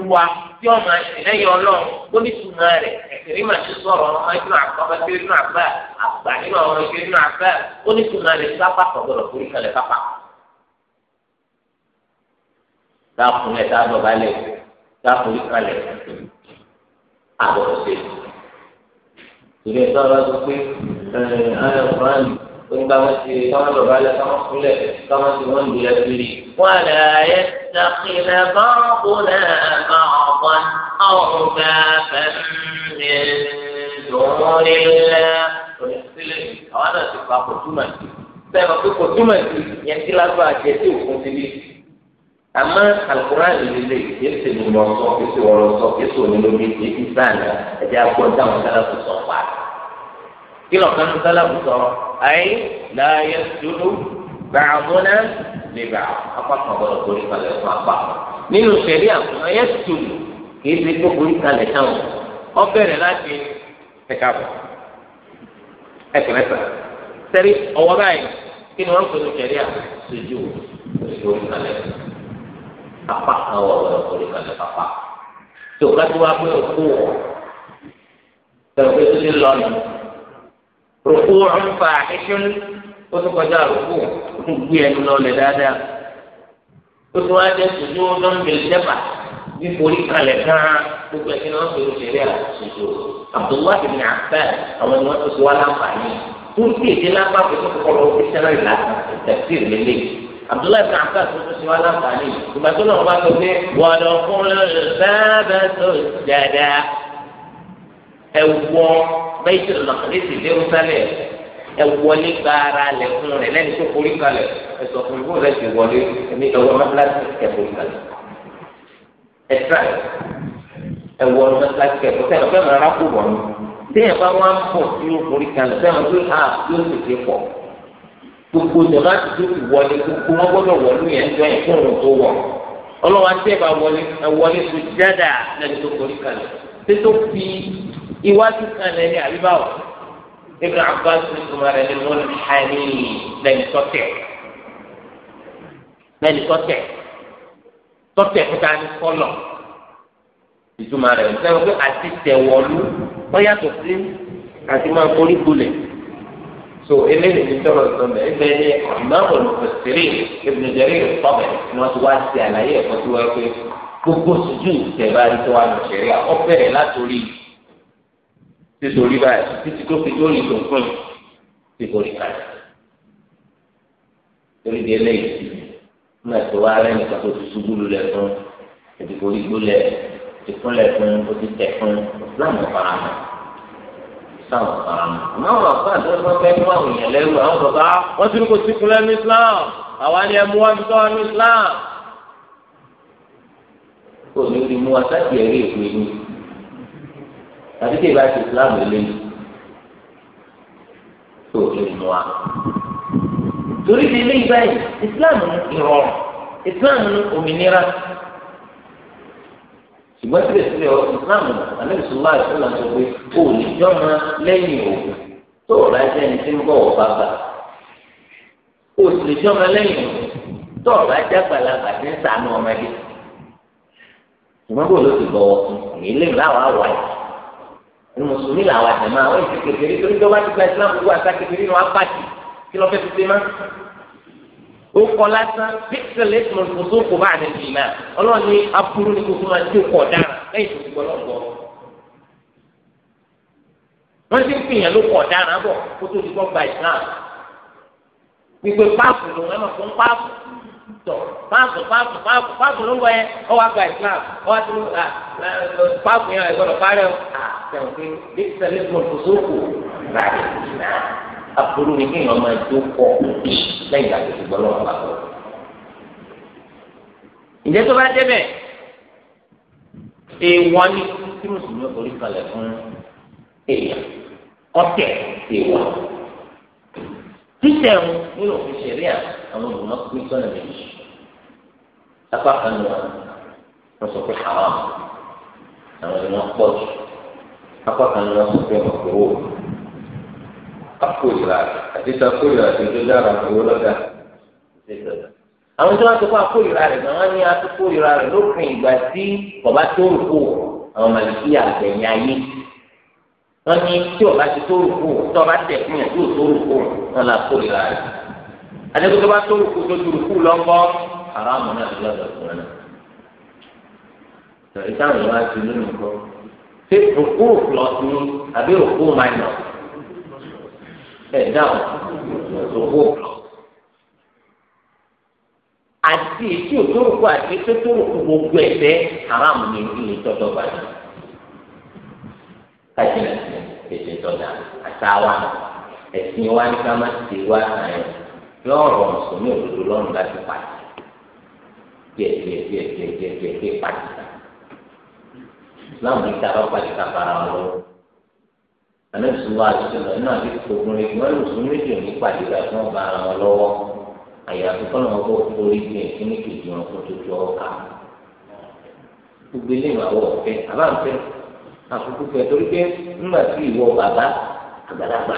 olúwa tí wọn máa ṣe lẹ́yìn Ọlọ́run ó ní túmọ̀ rẹ̀ ẹsẹ rí màá ti sọ̀rọ̀ ọmọ inú inú àgbà àgbà nínú àwọn ọmọ inú àgbà ó rẹ̀ sọ pé ẹ ẹ ẹ onígbà wọn ti káwọn lọ balẹ̀ káwọn kúlẹ̀ káwọn ti wọn lulẹ̀ ti pa kò túmọ̀ sí. bẹ́ẹ̀ ma pé kò كلا كانوا سلف أي لا يسجد بعضنا لبعض أقصى بلا طريقة لإطلاق بعض من الشريعة ما يسجد كيف يكون كان لشان أبدا لكن تكافر أكمل sẹ́rí ọwọ́ báyìí kí ni wọ́n ń pè ní kẹ̀rí à sojú orí kalẹ̀ apá kan wọ̀ wọ̀ orí kalẹ̀ pàpà tí o bá ti wá pé o kú wọ̀ tẹ̀wé tó ti lọ nù rògbò ọ̀nfà ẹ̀ṣin ó tún kọjá rògbò ó tún gbé ẹnu lọlẹ̀ dáadáa ó tún wá jẹ́ sùdú lọ́nbẹ̀lì dẹ́bà bí forí kalẹ̀ gan-an gbogbo ẹ̀ṣin náà sọ̀rọ̀ ṣẹlẹ̀ àṣìṣe Abdullahi bin Abbas àwọn ẹni wọ́n tún sọ wá láǹfààní tó ń kéde lápá pé kókò kọ́ lọ́wọ́ kẹsàn-án ìlà tẹ̀sí ìrẹ̀lẹ̀ Abdullahi bin Abbas tó tún sọ wá láǹfààní ìgbà tó lọ́wọ́ bá sọ pé wọ́dọ̀ fún lọ́lọ́ Baitul Maqdis Jerusalem ẹ wọlé gbàrà lẹ̀kùn rẹ̀ lẹ́ni tó forí kalẹ̀ ẹ sọ fún mi bó lẹ́sìn wọlé ẹni ẹwọ́ mẹ́tíláṣí ẹ forí kalẹ̀ ẹ tíra ẹ wọ mẹ́tíláṣí ẹ forí kalẹ̀ fẹ́ẹ́ máa rákò wọ̀ ni tí ẹ bá wá ń bọ̀ tí ó forí kalẹ̀ fẹ́ẹ́ máa gbé àá tí ó tètè pọ̀ gbogbo jọba ti tó ti wọlé gbogbo wọn gbọ́dọ̀ wọlé yẹn tó yẹn fún òun tó wọ ọlọ́wọ́ àti ẹ̀ bá wọlé ẹ wọlé sujada lẹ́ni tó forí kalẹ̀ tètè fi iwájú kan lẹni àbíbáwò Ibn Abbas ní tuma rẹ ní mọ́lẹ́ hàní lẹni tọ́tẹ̀ lẹni tọ́tẹ̀ tọ́tẹ̀ fúta ní kọ́lọ̀ ìtumọ̀ rẹ̀ sẹ́wọ́n pé àti tẹ̀wọ́lú wọ́n yàtọ̀ sí àti máa forí gbolẹ̀ so eléyìí ní tọrọ sọmọ ẹgbẹ ní ìmáàmù olùfẹsẹrẹ Ibn Jarir al-Tabari ni wọ́n ti wá sí àlàyé ẹ̀kọ́ tí wọ́n pé gbogbo sùjú tẹ̀ bá rí tó wà lọ́sẹ̀rẹ̀ ọ nítorí báyìí títí tó fi tó ní tó fún un ti kò ní káyọ̀ torí di eléyìí nígbà tó wá lẹ́yìn kan tó ti ṣubú lulẹ̀ fún ìdìbò igbó lẹ̀ ti kúnlẹ̀ fún ó ti tẹ̀ fún láwọn fara mọ́ sáwọn fara mọ́. àmọ́ àwọn àgbà tó ń fẹ́ fún àwọn èèyàn lẹ́rù àwọn bàbá ah, wọ́n ti ní kó sí kúnlẹ̀ ní Islam àwa ni ẹ mú wọn tọ́ ní Islam. kò ní rí mú wa sáàkì ẹ̀rí ìpè ní tàbí tí ìbá ti islam eléyìí tó lè mú wa torí ti ilé ìgbà yìí islam ìrọ̀rùn islam òmìnira ṣùgbọ́n síbẹ̀síbẹ̀ islam anábìsọ̀lá ìṣọ̀lá sọ pé o ò ní jọ́mọ lẹ́yìn òògùn tó o bá jẹ́ ẹni tí ń bọ̀ wọ́n bàbà o sì lè jọ́mọ lẹ́yìn òògùn tó o bá jẹ́ àgbàlagbà tí ń sànú ọmọdé ṣùgbọ́n bó ló ti bọ̀wọ̀ fún èyí lè láwọn àwọ̀ ní mùsùlùmí làwọn àjẹmá wọn ti kékeré torí tó bá ti gba islam gbogbo àti kékeré ni wọn bá ti kí lọ fẹ́ ti ṣe má. ó kọ lásán pixel eight months kò tó kò bá àdé bì náà ọlọ́run ní aburú ní gbogbo máa ń tó kọ̀ dára lẹ́yìn tó ti gbọ́ lọ́gbọ́. wọ́n ti ń pìyàn ló kọ̀ dára bọ̀ kó tó ti gbọ́ gba islam. gbígbé páàpù lòun ẹ̀ máa fún páàpù tọ páàpù páàpù páàpù páàpù ló ń wọ yẹn ọ wá gba islam ọ wá ti mú à páàpù yẹn ẹgbọdọ parẹ o àtẹwọn pé bí sẹlẹ mọ fòsókò láti nà àbúrò ní kéèyàn máa tó pọ lẹ́yìn ìgbà tó ti gbọ́ lọ́wọ́ bá tó bá débẹ̀ èèwọ̀ ni kí mùsùlùmí orí kalẹ̀ fún èèyàn ọ̀tẹ̀ èèwọ̀ títẹ̀ ń nínú òfin ṣẹ̀ríà àwọn olùmọ̀ pín sọ́nà méjì apá kan ní wọn wọn sọ pé haram àwọn ni wọn pọ̀ jù apá kan ní wọn sọ pé ọ̀gbọ̀wọ́ akóyìlá àti sakóyìlá àti ojú dára owó lọ́dà àwọn tí wọn ti kó akóyìlá rẹ̀ náà wọn ní akóyìlá rẹ̀ lópin ìgbà tí bàbá tó rò kó àwọn màlìkí àgbẹ̀yìn ayé wọn ní tí o bá ti tó rúkú tó o bá tẹ fún yẹn tí o tó rúkú wọn là kó ìlà rẹ adékòtò bá tó rúkú tó ju rúkú lọ́gbọ́ haramu náà ló lọ́dọ̀ fún ẹ tọ́ ìtàn ìwà ti lónìí nǹkan ṣé rúkú plus ni àbí rúkú minus ẹ̀ dáhùn rúkú plus àti tí o tó rúkú àti tó tó rúkú gbogbo ẹ̀ bẹ́ haramu ni ilé tọ́jọ́ gbàdúrà kájínà sí pèsè tọ́jà àtàwọn ẹ̀sìn wa ní ká má ti wá àyàn lọ́rọ̀ mùsùlùmí òdodo lọ́rùn láti pàtì díẹ̀ díẹ̀ díẹ̀ díẹ̀ díẹ̀ díẹ̀ díẹ̀ pàtì ká láwọn ìta bá pàtì ká fara wọn lọ anabisuwa àtúntò náà bí gbogbo rẹ wọn lò sún méjì òní pàdé rẹ fún ọba ara wọn lọ́wọ́ àyàfi kọ́nà wọn kó orí gbìn kíní kejì wọn kó tó tó ọkà gbogbo eléyìí àwọn ọ̀fẹ́ àbáǹfẹ́ àkókò fẹ torí pé nígbà tí ìwọ bàbá àgbàlagbà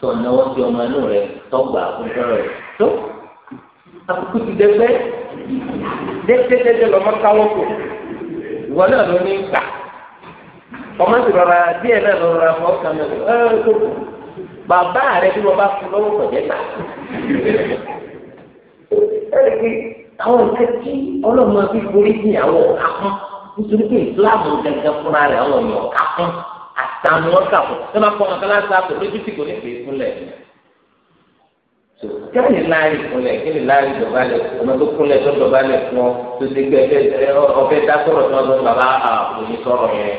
tó náwó sí ọmọ inú rẹ tọgbà àkókò rẹ tó àkókò ti dẹgbẹ dẹgbẹdẹgbẹ lọmọ káwọn kò ìwọ náà ló ní gbà ọmọ sì rọra díẹ̀ náà ló rọra fọ kàmẹ ẹ tó kù bàbá rẹ bí wọn bá fún lọ́wọ́ kọjá gbà ẹ ẹ àwọn nǹkan tí ọlọmọ fi forí sí àwọn ọkà nítorí pé ìsìláàmù gẹ́gẹ́ fúnra rẹ̀ àwọn èèyàn ká fún àtàwọn wọn kà fún ṣé máa kọ́ wọn kálá sáà kò lójú tì kò ní pè é fúnlẹ̀ kẹ́ni láàyè kúnlẹ̀ kẹ́ni láàyè dọ̀bálẹ̀ ọmọ tó kúnlẹ̀ tó dọ̀bálẹ̀ fún ọ tó ti gbé ẹfẹ ọfẹ dá sọ̀rọ̀ tí wọ́n sọ bàbá òní sọ̀rọ̀ yẹn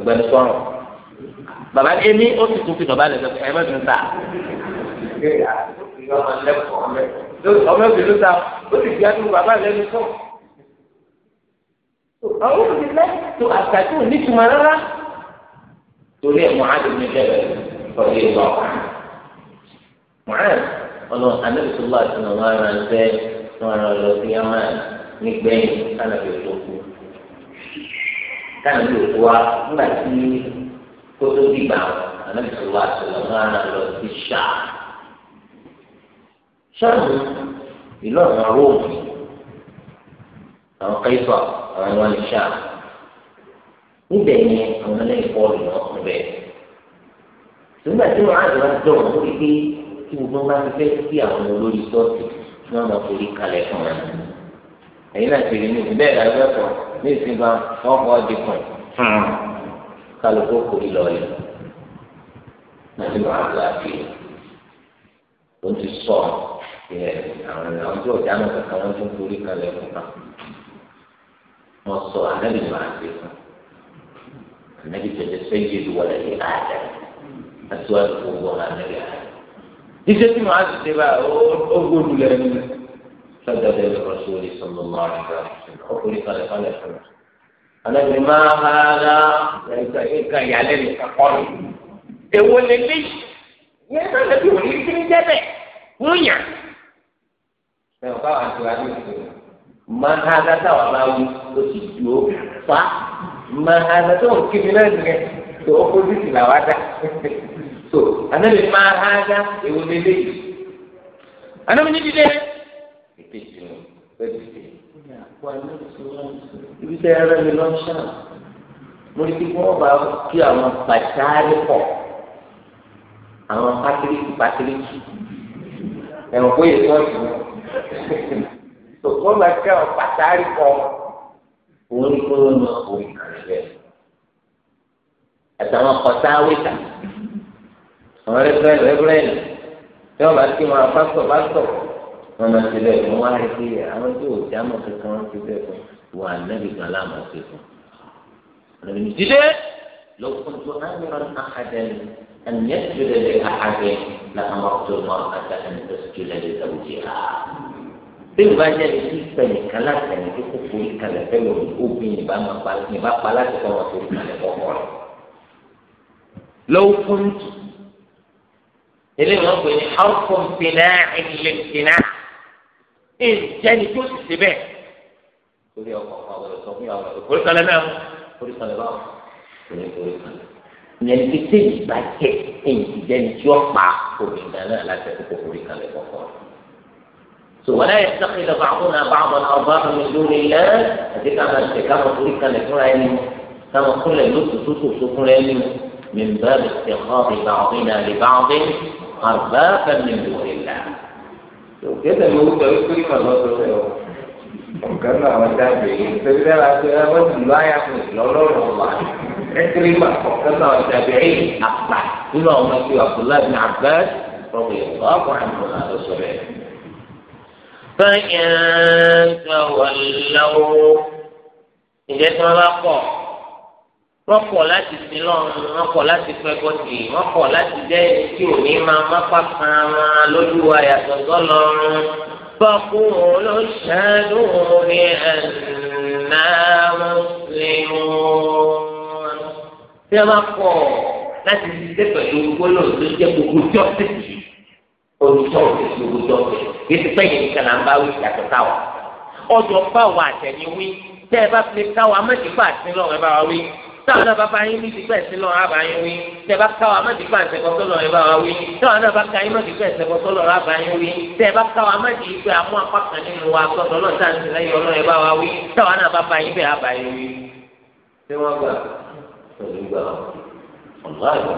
ọ̀gbẹ́ni sọ̀rọ̀ bàbá èmi ó sì tún fi dọ̀bálẹ̀ sọ ẹ bẹ́ẹ̀ tún ta ọmọ ìlú ta ó sì gbé ẹdun bàbá àwọn òbílẹ̀ tó àtàkì ò nítumọ̀ rárá torí ẹ̀ mọ̀hádì mi bẹ̀rẹ̀ ọ̀dẹ̀ ìlọ. mọ̀hádì ọ̀nà anábìsọ̀lá àti nàwọn ará ń tẹ́ wọn ará lọ sí yamá nígbẹ̀yìn kánàbì òkú kánàbì òkú wa nígbà tí kótó dìgbà anábìsọ̀lá àti nàwọn ará lọ sí ṣáà. ṣáà ìlú àwọn róòmù àwọn kaifa àwọn ìwà nìṣà níbẹ̀ ni àwọn ẹlẹ́yìn pọ́ọ̀lù náà kún bẹ́ẹ̀. nígbà tí wọ́n á lọ dọ̀wọ́ lórí pé kí gbogbo bá ti fẹ́ sí àwọn olórí sọ́ọ̀tì ní ọmọ orí kalẹ̀ fún wọn. ẹ̀yin náà ti rí ní bẹ́ẹ̀ la ẹgbẹ́ kan ní ìsinmi wọn kọ́ di kan fún kálukú kò ní lọ yẹn. láti wọ́n á àti ló ti sọ ìyẹn àwọn ọjọ́ ìdáná kankan wọ́n ti ń kalẹ̀ fún wọn. وصى النبي ما عندكم النبي تتسيد ولد آدم أسواد الله النبي آدم إذا كنت معاذ بقى أقول لهم صدق الرسول صلى الله عليه وسلم أقول قال قال أنا بما هذا ليس إلك يعلم كقول ewo lele يا náà lẹbi òní kiri jẹ bẹ wúnyà. ẹ ò bá wà ní ìwádìí òṣèlú. mahada táwọn bá wí ó sì ju ó fa mahada tó ń kíbi náà nìyẹn tó opposite là wá dá so anabi mahada èwo lélẹ̀ yìí anabi níbi dé ètè ìdùnnú bẹ́ẹ̀ dìde. ibi tẹ ẹ rẹ mi lọ ṣáà mo ní kí wọn bá kí àwọn pàtàkì pọ àwọn pátíríkì pátíríkì ẹ̀wọ̀n kó yẹ sọ́ọ̀tì wọn tòkó máa kẹ́ ọ pàtàkì kọ orí kóró náà orí kan rẹ̀ àtàwọn kọ̀tà wíta àwọn rẹ́fúrẹ́nì rẹ́fúrẹ́nì tí wọ́n bá kí wọn pásítọ̀ pásítọ̀ wọn máa ti bẹ́ẹ̀ fún wọn á rí pé àwọn tí ò já mọ̀ kankan wọn ti bẹ́ẹ̀ fún wọn ànábì kan láàmú ọ̀sẹ̀ fún wọn. dídé lọ́kùn tó ámìrán àkàdẹ́ni àníyàn ti bẹ̀rẹ̀ àkàdẹ́ làwọn ọ̀tọ̀ mọ́ àkàdẹ́ àti tẹ́lẹ̀ bá jẹ́ ní sísè nìkan láti ẹni tó kókó ìkàlẹ̀ fẹ́lẹ̀ obìnrin bá máa pa nígbà pa láti kọ́ wọn tó ìkàlẹ̀ kọ́kọ́ rẹ̀. lọ́wọ́ fún tù eléyìí wọ́n pè ní ọ̀fọ̀n pinna ìdílé pinna ìjẹni tó sì ṣe torí ọkọ̀ àwọn ọ̀sán fún yàrá rẹ̀ náà orí kalẹ̀ báwo orí orí kalẹ̀. ولا يتخذ بعضنا بعض اربابا من دون الله اديك انا استكامه تريد كان يكون علم كما كل يلوت تسوق سكون من باب اتخاذ بعضنا لبعض اربابا من دون الله وكذا يوجد يذكر كما تقول وكان هو تابعين فبدأ أقول لا يحدث لا لا والله عكرمة وكان هو تابعين أقطع إلى عبد الله بن عباس رضي الله عنهما وصحبه فإن تولوا ìjẹ́ tí wọ́n bá kọ̀ wọ́n kọ̀ láti sí lọ́run wọ́n kọ̀ láti fẹ́ gọ́sì wọ́n kọ̀ láti jẹ́ ẹni tí ò ní máa má pàkan wọn lójú àyàtọ̀ sọ́lọ́run فقولوا اشهدوا بأننا مسلمون tí wọ́n bá kọ̀ láti ṣiṣẹ́ pẹ̀lú gbólóhùn tó jẹ́ gbogbo jọ́sìn yìí olùtọ́ òfìsì olùtọ́ kìí ti pẹ́ yìí nìkan là ń bá wí yàtọ̀ táwa ọjọ́ bá wà àtẹ̀yìn wí tẹ́ ẹ bá fi káwa mẹ́tìfà sí lọ́wọ́ ẹ bá wa wí táwọn náà bá bá yín níbi pẹ́ sí lọ́wọ́ àbá yín wí tẹ́ ẹ bá káwa mẹ́tìfà sẹ́kọ̀ sọ́lọ́ ẹ bá wa wí táwọn náà bá ká yín mẹ́tìfà sẹ́kọ̀ sọ́lọ́ àbá yín wí tẹ́ ẹ bá káwa mẹ́tìfà amú apá kan nínú wa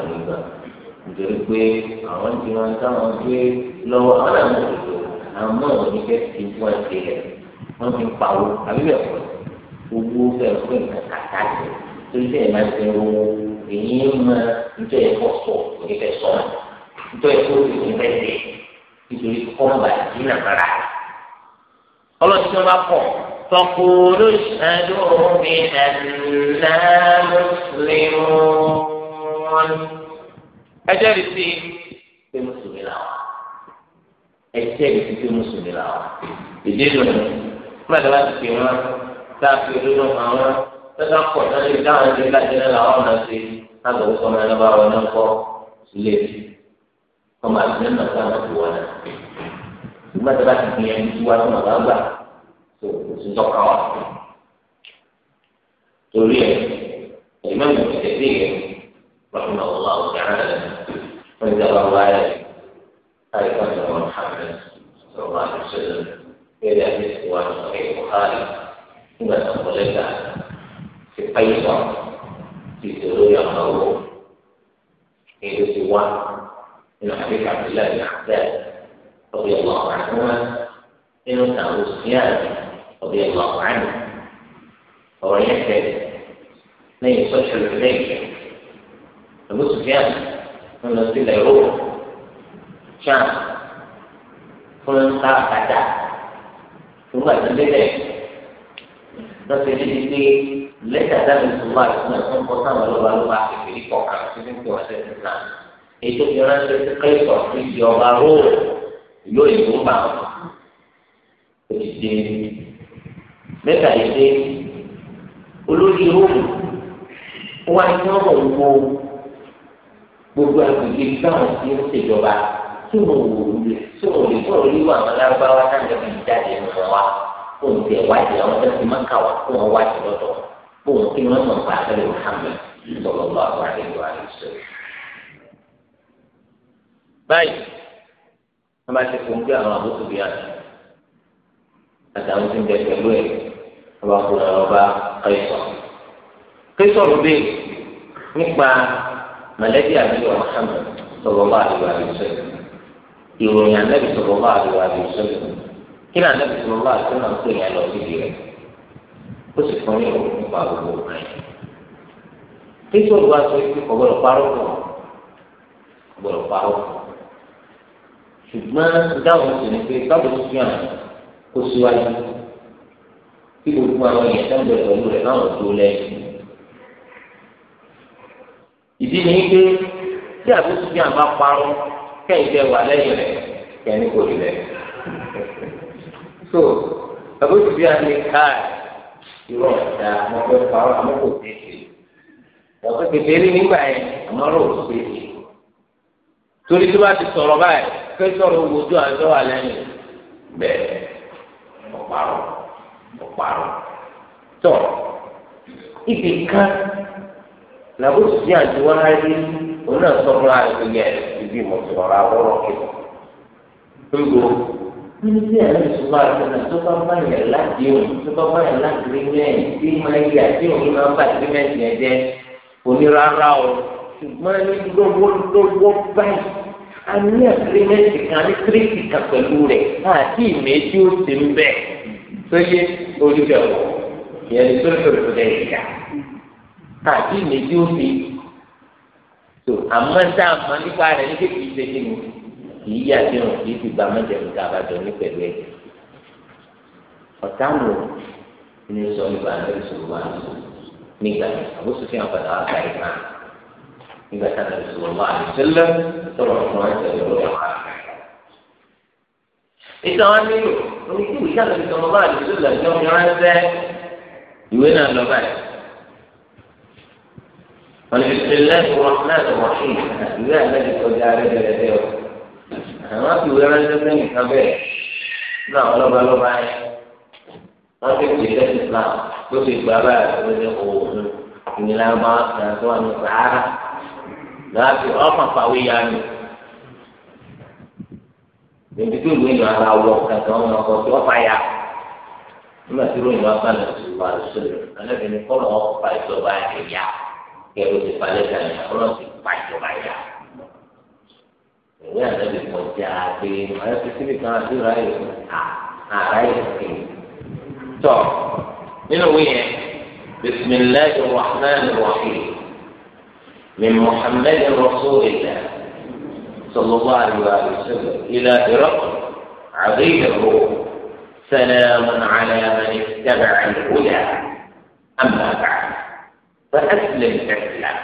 sọ́dọ̀ nítorí pé àwọn tí wọn táwọn gbé lọ́wọ́ àwọn àwọn òdòdó àwọn náà wọn ní fẹ́ ti fún ẹsẹ̀ rẹ̀ wọ́n ti ń pawó àbí bẹ́ẹ̀ kọ́ owó bẹ́ẹ̀ fún ìkan kàtà sí torí bẹ́ẹ̀ máa ti ro èyí máa nítorí ẹ̀kọ́ sọ òní fẹ́ sọ nítorí ẹ̀kọ́ sì òní fẹ́ sè nítorí kọ́ńbà dínà mara ọlọ́run tí wọ́n bá pọ̀ فقولوا اشهدوا بأننا مسلمون ẹjẹ rí sí pé mùsùlùmí làwọn ẹjẹ rí sí pé mùsùlùmí làwọn ìdí ìlú rẹ mẹ́ta bá ti pè wọn tá a fi olódò àwọn tẹsán pọ náà lè dáhùn ẹgbẹ́ kájẹrẹ làwọn náà ṣe láti ọwọ́ sọmọ ẹlẹbà wọn náà kọ sílé ọmọ àti mẹ́ta sáwọn ti wọn náà ìgbà tí a bá ti gbìyànjú tí wàá tó màá gbà tó o ti tọ́ka wa torí ẹ ẹ̀mẹ́rin ti tẹ̀lé رحمه الله تعالى عند رواية أيضا محمد صلى الله عليه وسلم إلى مثل صحيح البخاري كما تقولك في قيصر في سرور مروه إلى سوى من حديث عبد الله بن عباس رضي الله عنهما إنه أبو سفيان رضي الله عنه ويحيى من يصلح الحديبية Abu Sufyan wọn lọ sí ilẹ̀ fún káàkátà nígbà tó délẹ̀ lọ́sẹ̀ níbi pé lẹ́tà dábì sùnmọ́ àtúnṣe tó ń kọ́ sáwọn lọ́balọ́ba kékeré ní kí wọ́n ṣe ti nà ètò ìránṣẹ́ sí kẹ́sọ̀ fún ìdí ọba Rome ìlú òyìnbó bá wọn ó ti dé lẹ́tà yìí dé olórí Rome wọ́n á ní wọ́n mọ̀ wọ́n gbogbo agbègbè báwọn ti ń ṣèjọba tí mo wò ó lè tí mo lè tó orí wà wọn lárúbáwá náà lè fi jáde nù wọn wá fóun tiẹ̀ wáyé àwọn tó ti máa ń kà wá fún wọn wáyé lọ́dọ̀ fóun kí wọ́n mọ̀ nípa abẹ́rẹ́ Muhammad lọ́lọ́lọ́ àwọn àlejò àlejò. báyìí wọ́n bá ti fún bí àwọn àbúrò bí àná àtàwọn tí ń bẹ pẹ̀lú ẹ̀ wọ́n bá kó lọ́ba kẹ́sọ̀ kẹ́sọ̀ rẹ̀ nípa mọ̀lẹ́bí àbíyọ Muhammad sallallahu alaihi wasallam ìròyìn ànábì sallallahu alaihi wasallam kí ni ànábì sallallahu alaihi wasallam pè yẹn lọ síbi rẹ̀ ó sì fún yẹn òun nípa gbogbo ọ̀gá yẹn. títí olùwà sọ pé ọ̀gbọ̀dọ̀ parọ́ pọ̀ ọ̀gbọ̀dọ̀ parọ́ pọ̀ ṣùgbọ́n dáhùn sí ni pé báwo ló fi hàn kó síwájú kí gbogbo àwọn èèyàn tó pẹ̀lú rẹ̀ náà tó lẹ́yìn ìdí ni pé tí àbúrò bí àbá parun kẹ́hìn jẹ wà lẹ́yìn rẹ̀ kẹ́hìn kò rí rẹ̀ so àbúrò bí àbí káà irọ́ ọ̀dà mọ́tò parọ́ àmọ́kò tètè ọ̀pẹ́ kékeré nígbà yẹn àmọ́ rò ó tètè torí tó bá ti sọ̀rọ̀ báyìí kẹ́ sọ̀rọ̀ wojú àjọ wà lẹ́yìn bẹ́ẹ̀ ọ̀parọ̀ ọ̀parọ̀ tọ̀ ibì kan làbó sùdí àti wọn á rí òun náà sọ fún àìsàn yẹ ibi ìmọ̀sọ̀rọ̀ àwọ̀rọ̀ kìlọ̀ gbogbo mínísítì ẹ̀rọ ìṣúná àtúnṣe tó bá báyìí láti òun tó bá báyìí láti rí mẹ́rin tí máa yí àti òun máa bá àgbẹ̀mẹ̀tì ẹ̀ jẹ́ onírárá o ṣùgbọ́n ní lówó lówó báyìí a ní àgbẹ̀mẹ̀tì kan ní kíríkì kan pẹ̀lú rẹ̀ àti ìmẹ̀jú ti ń bẹ̀ sóyè olùdẹ̀wọ̀ yẹn ní tó àti ìmẹ̀jú òfin tó àmọ́ tá a mọ nípa rẹ̀ ní kékeré ṣe kí ni kì í yà sí òun kì í fi gba mọ́jẹ̀mú tá a bá jọ ní pẹ̀lú ẹ̀ ọ̀tá nù ní sọ nípa àlẹ́ ìṣòro wa nígbà àwọn sọ fi hàn padà wá káyìí náà nígbà tá a lè sọ wọn àlè sọ̀rọ̀ fún ẹsẹ̀ lọ́wọ́ wa. ìtàn wa nílò oníkíwì sábà wọn fi ṣe lẹ́yìn wọn náà lọ wọ́n fi ìwé àlejò kọjá rẹ̀ bẹ̀rẹ̀ dẹ́ o àwọn fi ìwé ránṣẹ́ sẹ́yìn kan bẹ́ẹ̀ ní àwọn lọ́ba lọ́ba yẹn wọ́n fi pè lẹ́yìn Islam tó fi gba báyìí ló ní òòrùn ìnira bá kàn tó wà ní sàárà láti ọkàn fàwé ya ni bẹ̀bí tó ìlú ìlú ara wọ kankan wọn kẹlẹ ti falẹ kan yẹn ọlọ́run ti pa ìjọba yá ìwé àná ti pọ̀ já pé màá fi síbi kan àti ráyè àráyè kì í tọ nínú ìwé yẹn بسم الله الرحمن الرحيم من محمد رسول الله صلى الله عليه وسلم إلى إرقم عظيم الروح سلام على من اتبع الهدى أما بعد فأسلم إسلام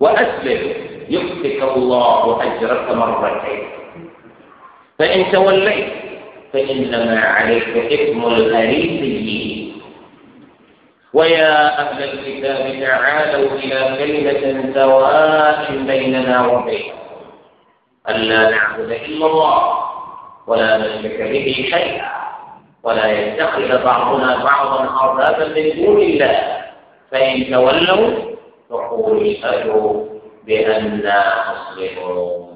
وأسلم يؤتك الله أجرك مرتين فإن توليت فإنما عليك إثم الأريسيين ويا أهل الكتاب تعالوا إلى كلمة سواء بيننا وبينكم ألا نعبد إلا الله ولا نشرك به شيئا ولا يتخذ بعضنا بعضا أربابا من دون الله فإن تولوا فقولوا اشهدوا بأنا مسلمون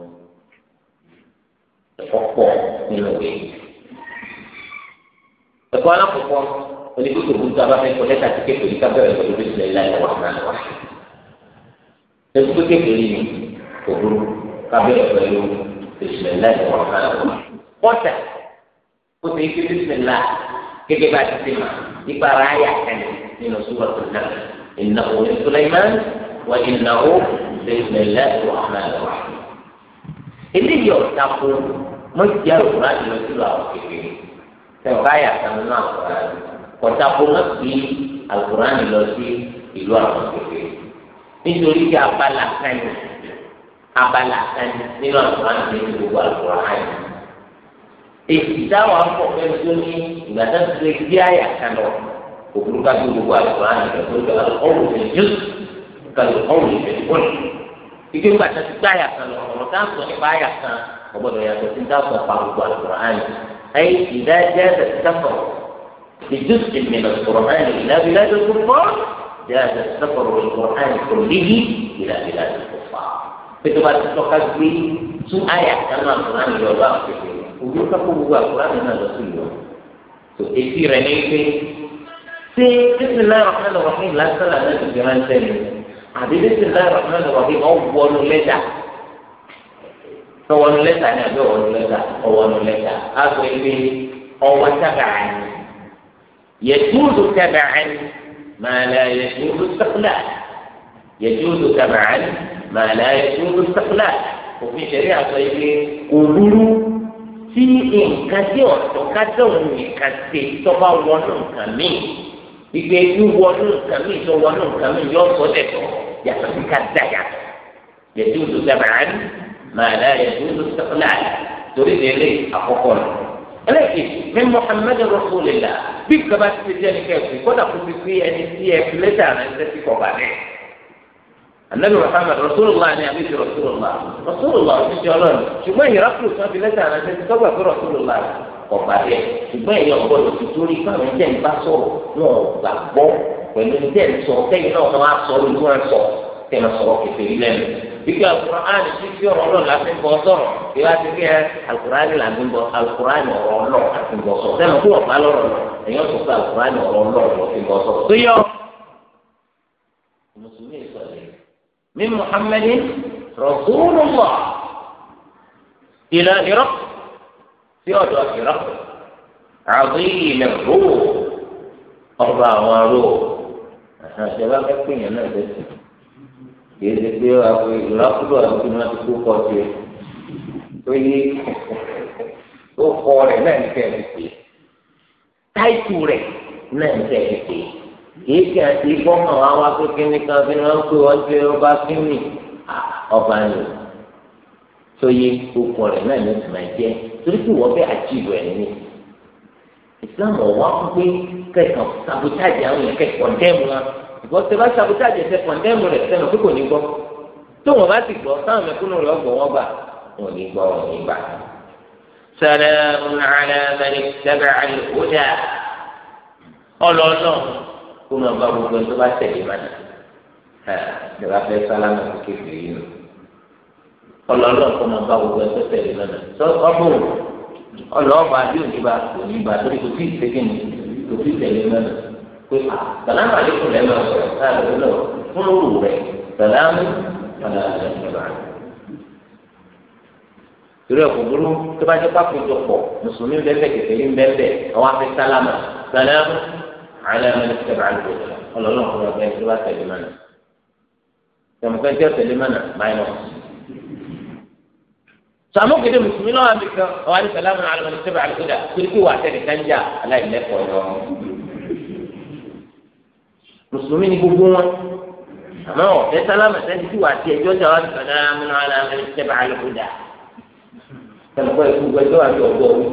ọ̀pọ̀ nínú ìwé ẹ̀kọ́ alákọ̀ọ́kọ́ onídùúgbò gbogbo abáfẹ́ kọ lẹ́tà tí kékeré ká bẹ̀rẹ̀ pẹ̀lú bí ìṣẹ̀lẹ̀ láì wà náà wà ẹ̀kọ́ kékeré ni kò burú ká bẹ̀rẹ̀ pẹ̀lú ìṣẹ̀lẹ̀ láì wà náà wà kọ́tà ó ti kí bísímìlá gẹ́gẹ́ bá ti ti mà nípa ara ayà kẹlẹ nínú súwọ tó nà ìnáwó ní Sulaiman wà ìnáwó bísímìlá rahman rahim. eléyìí ọ̀tá kó wọ́n ti jẹ́ òkúra jùlọ sílò àwọn kékeré sẹ́wọ̀n báyà kan nínú àwọn ọ̀rá ọ̀tá kó wọ́n fi àlùkùrá nìlọ sí ìlú àwọn kékeré nítorí pé abala kan ní abala kan nínú àlùkùrá nìlọ sí gbogbo àlùkùrá nìlọ èsì táwọn afọ pẹ̀lú tó ní ìgbà tó ti lè gbé àyà kan lọ òkúrú ká tó gbogbo àlùkò àná ìgbà tó lọ ọwọ́ ìfẹ́ jù kàlù ọwọ́ ìfẹ́ jù wọn. ike ń ti gbé àyà kan lọ ọ̀rọ̀ tá à sọ nípa àyà kan ọgbọ́dọ̀ yàtọ̀ sí dáàbò pa gbogbo àlùkò àná. ayé ìdájẹ́ ẹ̀sẹ̀ sáfọ̀ ìjú ìmìnà sọ̀rọ̀ àná ìlàbílà tó kú fọ́ ìdájẹ́ sáfọ̀ ìkọ̀ àná kò níbi ìlàbílà tó kú fọ́. pé tó bá àyà kan òbí kápò gbogbo àkùránì náà lọ sí ìlú tó etí rẹ ní pé ṣé bísí náà rọ̀hánà rọ̀hìn lásán náà ti fi ránṣẹ́ mi àbí bísí náà rọ̀hánà rọ̀hìn ọ̀ wọnú lẹ́dà tọwọnú lẹ́dà ni àbí ọ̀wọnú lẹ́dà ọ̀wọnú lẹ́dà á gbé pé ọwọ́ tábàá ni yẹtúùdù tábàá ni màálà yẹtúùdù sọ́kùlà yẹtúùdù tábàá ni màálà yẹtúùdù òfin ṣẹlẹ̀ àtọ́ yìí òwúrú tí nǹkan tí ọ̀tọ̀ kájọ òun nìkan ṣe tọ́ba wọnú nǹkan míì gbígbé wíwọnú nǹkan míì tó wọnú nǹkan míì yọ sọ dẹ̀tọ̀ yàtọ̀ sí ká dáyà yẹtí o tó dábàá ní màá dá yẹtí o tó sọ́kọ́lá torí délé àkọ́kọ́ rẹ̀ ẹlẹ́kì ní Muhammad rasulillah bí kaba ti ṣe jẹ́ nìkan ẹ̀sìn kódà kó fi fi ẹni tí ẹ fi lẹ́tà rẹ̀ ń anabi muhammed rasulillah ni abiy rasulillah rasulillah ti di ọlọ́run ṣùgbọ́n ìyẹn rafetlu kan fi lẹ́tà ara ṣe sọgbà fún rasulillah ọba rẹ ṣùgbọ́n ìyẹn ọgbọ́dọ̀ ti torí káwọn ẹjẹ ń bá sọ̀rọ̀ wọn ò gbàgbọ́ pẹ̀lú ẹjẹ ń sọ kẹ́yìn náà wọn á sọ lójú wọn sọ tẹnu sọ̀rọ̀ kẹfẹẹri lẹ́nu bíkẹ́ alukur'an ti fi ọ̀rọ̀ lọ la fi ń bọ̀ sọ̀rọ̀ ìwà ti fi ẹ alukur'an la fi ń bọ̀ alukur'an ọ̀rọ̀ lọ la fi ń bọ̀ sọ̀rọ̀ من محمد رسول الله إلى إرق في أدوى إرق عظيم الروح أربع وروح شباب كثير أنا بس yéèdè pé àwọn ìlọ́kùlọ̀ àti wọn ti kó kọ tiẹ̀ tó yé tó kọ rẹ̀ náà ń tẹ̀ ẹ́ pé táìtù rẹ̀ náà ń tẹ̀ ẹ́ pé kìí kí àti gbọ́mọ̀ wá wá pé kíní kan fi ni wọ́n ń pè wọ́n pé ọba kíní ọba ni tó yẹ okùn rẹ̀ náà ní oṣù máa jẹ́ torí pé wọ́n fẹ́ àjìbò ẹ̀ ní. Islam ọ̀wá ń pé kẹ̀kọ́ sabotage àwọn yẹn kẹ̀kọ́ dẹ́mu wọn ìgbọ́ tẹ bá sabotage ẹ̀ kẹ̀kọ́ dẹ́mu rẹ̀ sẹ́nu pé kò ní gbọ́ tó wọn bá ti gbọ́ táwọn mẹ̀kúnnù rẹ̀ ọgbọ̀n wọn gbà wọn ní gbọ́ wọn ní gbà. sẹ́lẹ̀ ń rà kó máa bá gbogbo ẹni tó bá tẹ̀lé mánà ẹ ìjọba fẹ́ sálámà tó kékeré yìí nù ọlọ́lọ́ kó máa bá gbogbo ẹni tó tẹ̀lé mánà tó ọ̀bùn ọlọ́ọ̀bà bí òníbà òníbà torí kò tí ì tẹ́kì ní kò tí ì tẹ̀lé mánà pé à sàlámà àlékún rẹ̀ máa sọ̀rọ̀ káàdì lọ fún òru rẹ̀ sàlámù padà lẹ́yìnbà torí ọkọ̀ burú tó bá jẹ́ pápá ìjọpọ̀ mùsùlùmí bẹ́ẹ̀ bẹ́ẹ̀ kẹfẹ́ على من اتبع الهدى قال الله هو بين ثلاث كلمنا كما كان كيف كلمنا ما ينقص سامو كده مسلمين لو عندك هو عليه سلام على من اتبع الهدى كل كي واحد كان جاء على يلف مسلمين يقولون àmọ́ ọ̀fẹ́ sálámà sẹ́ni tí wàá ti ẹjọ́ tí wàá sọ̀dá múná ara rẹ̀ ṣẹ̀bà lókùdà. Sẹ́nukọ́ ìkú gbẹjọ́ àti ọ̀gbọ́ wí.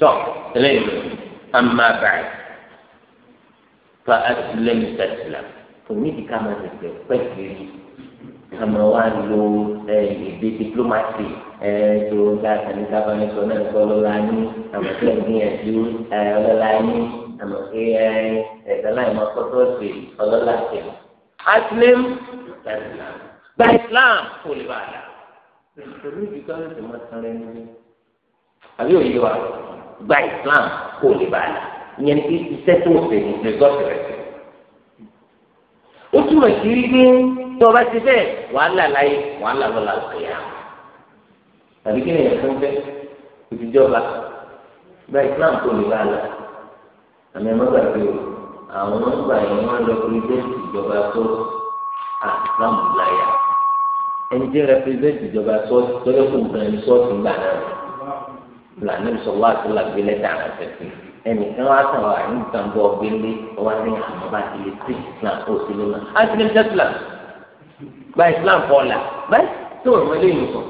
Tọ́ ẹlẹ́yìn lọ. أما بعد فأسلم تسلم فميدي كما تتفكري كما وانلو دي دبلوماسي tó dáadáa ní sábà ní sọ náà sọ lọ́la ní àmọ́ tí ẹ̀mí ẹ̀dú ọlọ́la ní àmọ́ tí ẹ̀dá láì máa kọ́ sọ́ọ̀sì ọlọ́la tẹ̀. Aslim gba Islam kò lè bàa dà. Ìṣòro ìdíkọ́ ló ti máa tán lẹ́nu. Àbí òye wa gba islam kó lè bá la ìyẹn ní iṣẹ́ tó ṣe ní resọ́ọ̀tì rẹ̀ ṣe. ó túmọ̀ sí wípé tí ọba ti bẹ́ẹ̀ wàhálà láyé wàhálà lọ́la lọ́yà tàbí kí nìyẹn fún fẹ́ ìdíjọba gba islam kó lè bá la àmì ẹ̀mọ́ gbàgbé o àwọn ọgbà yẹn wọ́n lọ pírẹ́sìdẹ̀ntì ìjọba tó islam láyà ẹni tí rẹpírẹ́sìdẹ̀ntì ìjọba tó tọ́lẹ́kùn kan ní sọ́ọ̀tì gbà náà lànà ìṣòwò àti làgbélé dáná tẹ̀sí ẹnìkan wá sàn wà ní ìtàǹbọ̀ gbélé wá ní àmọ́bá ti lè tí islam ó sì lè mọ̀ á ti lè jẹ́ islam gba islam kọ́ ọ̀la bẹ́ẹ̀ tó o mẹ́lẹ́ yìí sọ.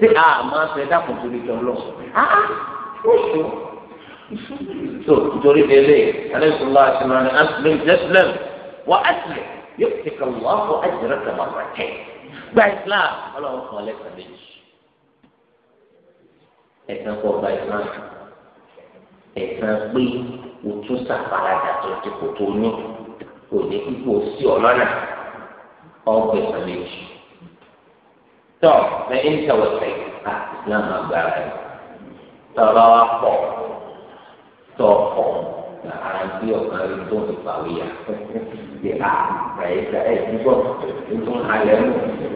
ṣé a máa fẹ́ dákun torí jọ lọ? tó torí délé lànà ìṣòwò àti lànà aslim jẹ́ islam wà aslim yóò ti kàn wá fún àjẹrẹ́ kàmá rẹ̀ gba islam ọlọ́run kan lẹ́sàn-án méjì ẹ̀sán kọ ọba ìsán ẹ̀sán pé o tún ṣàfaradà tó ti kò tó ní kò ní kíkó sí ọlọ́nà ọgbẹ́ ìsàlẹ̀jì tọ́ ẹ ń tẹ̀wọ̀tẹ̀ àti islam agbára ẹ̀ tọ́lọ́ pọ̀ tọ́ pọ̀ ara ń bí ọ̀gá rí tó ń pàwé yá ṣe à ẹ̀ẹ́dẹ́gbọ̀n ń tún halẹ̀ mú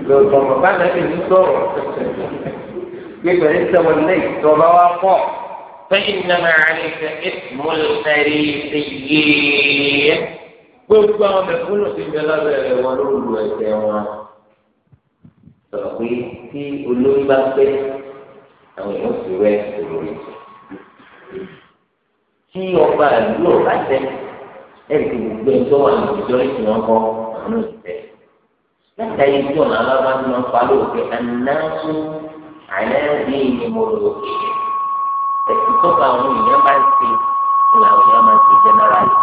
lọ́tọ̀ bàbá náà ti ń sọ̀rọ̀ gbẹgbẹ ní sẹwọn lẹ́yìn tó bá wá pọ fẹyìn nàmà àlẹfẹ ìmúlẹrí ṣèyí gbogbo àwọn mẹfúnù ti bẹ lábẹ́ rẹ̀ wọn ló lu ẹsẹ̀ wọn sọ̀rọ̀ pé tí olórí bá pẹ àwọn èèyàn sì rẹ olórí tí ọba ìlú ọba tẹ ẹ̀rí gbogbo ẹni wà ní ìjọ ìsìn wọn kọ àwọn ìtẹ látàrí ìjọ náà alábàánu máa ń fa lóòkè anáṣú àlẹ́rìí ni mo lò kéye ẹ̀sìn tó bá àwọn èèyàn bá ń ṣe ni àwọn èèyàn máa ń ṣe jẹ́nẹ́rálì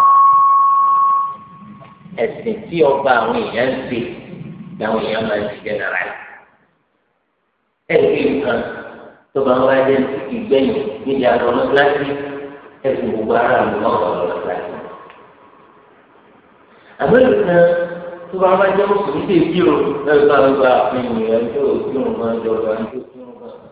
ẹ̀sìn tí ọba àwọn èèyàn ń ṣe ni àwọn èèyàn máa ń ṣe jẹ́nẹ́rálì ẹ̀sìn kan tó bá wá jẹ́ ìgbẹ́yìn níbi àwọn ọlọ́gbàsí ẹ̀sìn gbogbo ara mi náà wà lọ́gbàsí. àbẹ̀rẹ̀ kan tó bá wá jẹ́ mùsùlùmí tèébí o lọ́gbàgbà àwọn èèyàn tó kírun máa ń jọba ní tó kírun.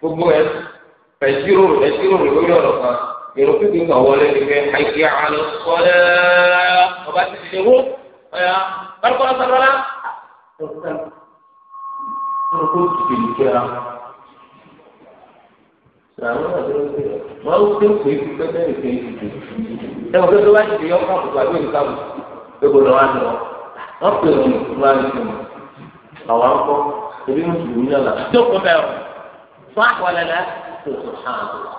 gbogbo ẹ ẹ̀sírò ẹ̀sírò lórí ọ̀rọ̀ kan èrò pípé kan wọlé ní pé àìsí àlọ́ kọ́lẹ́ ọba ti ṣe wó ọ̀yà kọ́lọ́kọ́lọ́ sọ́dọ́lá. ọ̀rọ̀ kó tìbí kíra làwọn àdúrà ṣe wọn ó tẹ òkè fi pẹpẹ ìpè ìdìbò ẹwọn pé tó bá ti di ọkọ àbùkù àbí òǹkàbù gbogbo náà wà ní wọn wọn pè wọn ní wọn á ní sinmi àwọn akọ ebi mùsùlùmí náà là jókòó صح ولا لا؟ سبحان الله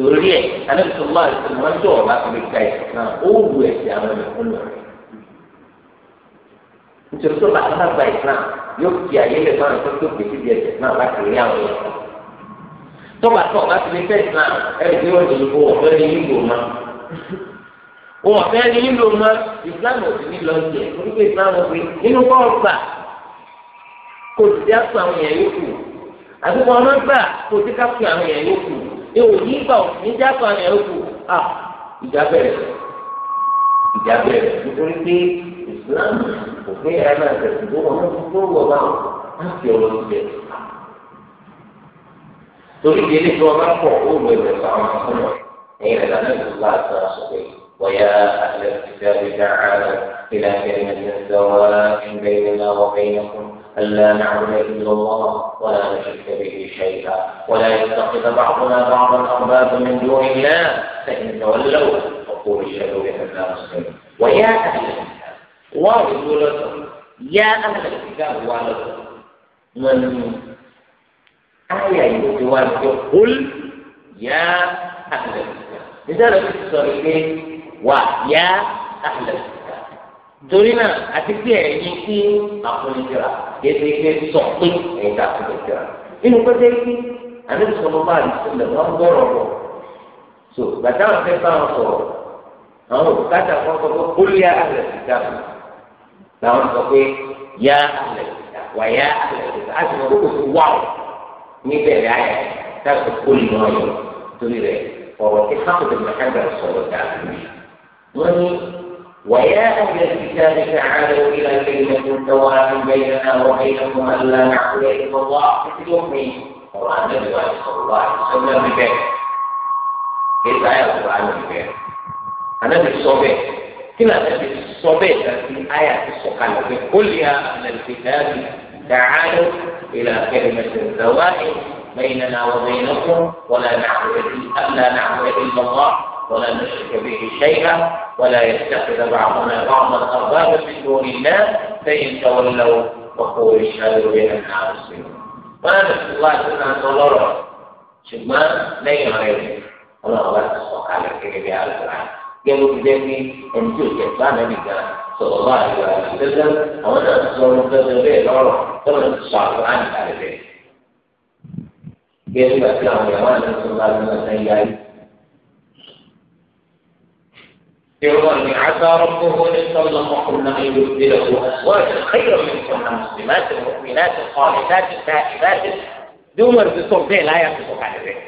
torí ẹ anamisọlá ìsìnkú ọba kìlì ká ìsìnkú ó wù ẹsẹ̀ àwọn ẹmẹkúnnù rẹ nítorí tó bá sábà gba ìsìnkú àyè lè fún àwọn tó gbèsè di ẹsẹ̀ náà láti rí àwọn ẹsẹ̀ àti wọn máa gbà kó o ti ká pé àwọn èèyàn yòókù ẹ ò ní gbà ní já pé àwọn èèyàn yòókù à ìjà bẹ̀rẹ̀ ìjà bẹ̀rẹ̀ nítorí pé Islam kò fẹ́ ẹ náà tẹ̀sí tó wọn fún tó wọ̀ bá wọn láti ọ̀rọ̀ ìbẹ̀. torí ìdí ilé tí wọn bá pọ̀ ó lọ ìbẹ̀ fún àwọn ẹ̀yìn rẹ̀ lánàá ìlú láti aṣọ pé wọ́yá àti ẹ̀sìn ìjà أن لا نعبد إلا الله ولا نشرك به شيئا ولا يتخذ بعضنا بعضا أربابا من دون الله فإن تولوا فقولوا اشهدوا بأننا مسلمون ويا أهل الكتاب لكم يا أهل الكتاب واردوا من آية يقول قل يا أهل الكتاب لذلك الصالحين ويا أهل الكتاب دورنا أتبعي في أقول الكتاب kéde pé sọ pé ẹ̀yin dà tó lọ́jọ́ rẹ̀ nínú pété pé àníbi sọ̀rọ̀ bá àdìsílẹ̀ wọn gbọ́rọ̀ bọ̀ so bàtà wọn fẹ́ bá wọn sọ̀rọ̀ àwọn òkúta wọn sọ pé ó lé àlẹ́ ìdá mi làwọn sọ pé yá àlẹ́ ìdá wà yá àlẹ́ ìdá àti wọn kò tó wà ó níbẹ̀rẹ̀ ayẹ táwọn kò lè náà yọ torí rẹ̀ ọ̀rọ̀ kí sáfù ويا أهل الكتاب تعالوا إلى كلمة سواء بيننا وبينكم ألا نعبد إلا الله اتلوه قرآن النبي صلى الله عليه وسلم بك كيف آية القرآن بك أنا بالصوبة كنا بالصوبة في آية السكان بكل يا أهل الكتاب تعالوا إلى كلمة سواء بيننا وبينكم ولا نعبد إلا الله ولا نشرك به شيئا ولا يتخذ بعضنا بعضا اربابا من دون الله فان تولوا فقولوا اشهدوا باننا مسلمون. وانا في الله سبحانه وتعالى شما لي غيري انا اردت ان اصدق على كلمه على القران. قالوا بذنبي ان تلك صلى الله عليه وسلم وانا اصدق ان تصدق به العمر كما تصدق القران على ذلك. قالوا ان تلك صلى الله عليه وسلم يروني عسى ربه ان طلقكن ان يبدله ازواجا خيرا منكن مسلمات مؤمنات قانتات تائبات دون الرسول بيه لا يقصد على ذلك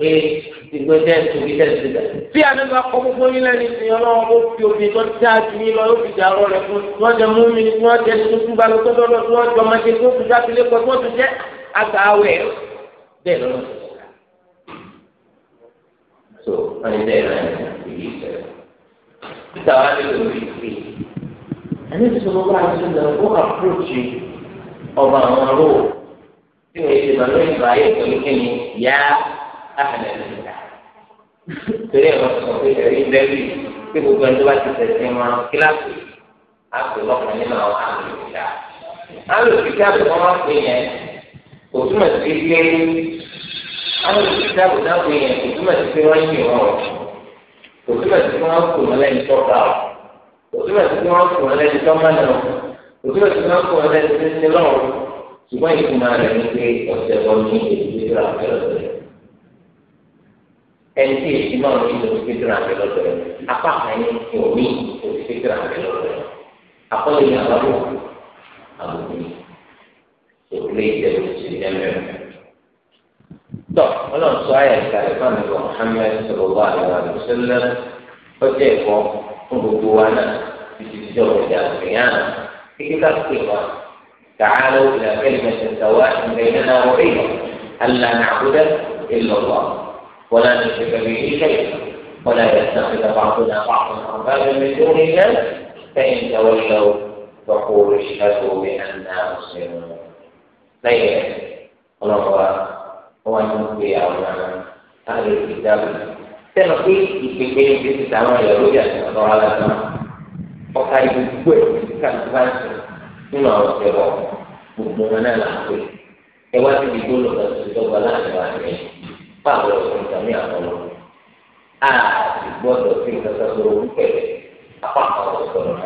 ee ìgbẹ́ tẹ́ tóbi tẹ́ ti dẹ̀. bí àdébà kọ́ gbogbo yín lẹ́nu ìsìn ọlọ́run ó fi omi tó dá ju yín lọ yóò fi dà ọ̀rọ̀ rẹ̀ fún wọ́n jẹ mú mi wọ́n jẹ tuntun balùwẹ̀ tó dọ́dọ̀ tí wọ́n jọ máa jẹ tó fi dábìlẹ̀ pọ̀ tó ti jẹ́ àgbà awẹ̀ bẹ́ẹ̀ lọ́nà wọn ní bẹ́ẹ̀ náà ìlú ìṣẹ̀lẹ̀. peter wà ní ìlú ìṣẹ̀lẹ̀ ẹni tí wọn bá ti lọ ó àpòjì ọba àwọn aró tí wọn ti lọ lóyún ìgbà ayé pẹ̀lú kíni yá àhàlẹ nìyà torí ẹ̀rọ sọ pé ẹ̀rí bẹ́ẹ̀rì pé gbogbo ẹni tó bá ti tẹ̀sí wọn kíláàsì àpè lọ́kàn nínú àwọn àmì ìṣá àlòkìkí àpè wọn wá pè yẹn òtún ẹ̀sìn gbé àwọn ìlú dáàbò dáàbò yẹn kò túmọ̀ sí pé wọ́n ń yìn wọn kò túmọ̀ sí pé wọ́n kò wọn lẹ́ni tó ga o kò túmọ̀ sí pé wọ́n kò wọn lẹ́ni tó mọ̀nà o kò túmọ̀ sí pé wọ́n kò wọn lẹ́ni tó ti lọ́wọ́ ṣùgbọ́n ìtumọ̀ rẹ̀ ní pé ọ̀sẹ̀ wọn ní èdè gbígbà ẹni tí èsì náà ní tọ Ọlọ́run sọ ayé ẹka ẹfọn nígbà Muhammad sọlọlá àlùwà àlùsẹlẹ ó jẹ ẹ̀kọ́ fún gbogbo wa náà títí tí ọmọ ìjà àgbìyàn kíkí ká pè wá tààlà òkè àfẹlẹmẹ tẹsánwá ìgbẹyìn náà wọ èèyàn alẹ àkúdẹ ìlọwọ wọlé àti ìṣẹkẹbí iṣẹ ولا يستخدم بعضنا بعضا اربابا من دون الله فان تولوا فقولوا اشهدوا بانا مسلمون. ليه؟ الله wọn ti ń pe àwọn àlè ìdáàbò sẹ́nu pé ìpèpè ní ti àwọn ẹ̀yọ́ lórí àtúntò ọ̀rọ̀ aláṣán ọ̀ka ìdúgbò ẹ̀ kíkà tó bá ń sùn nínú àwọn ọ̀sẹ̀rọ̀ gbogbo wọn náà là ń pè ẹ wá síbi tó lọ lọ sí ìjọba láàrin wa rẹ̀ fáwọn ọ̀sẹ̀ ìtàmì àtọ̀lọ́ a ti gbọ́dọ̀ sí ìtọ́sọ́ tó ń pẹ̀lẹ́ apá àwọn ọ̀sọ̀rọ̀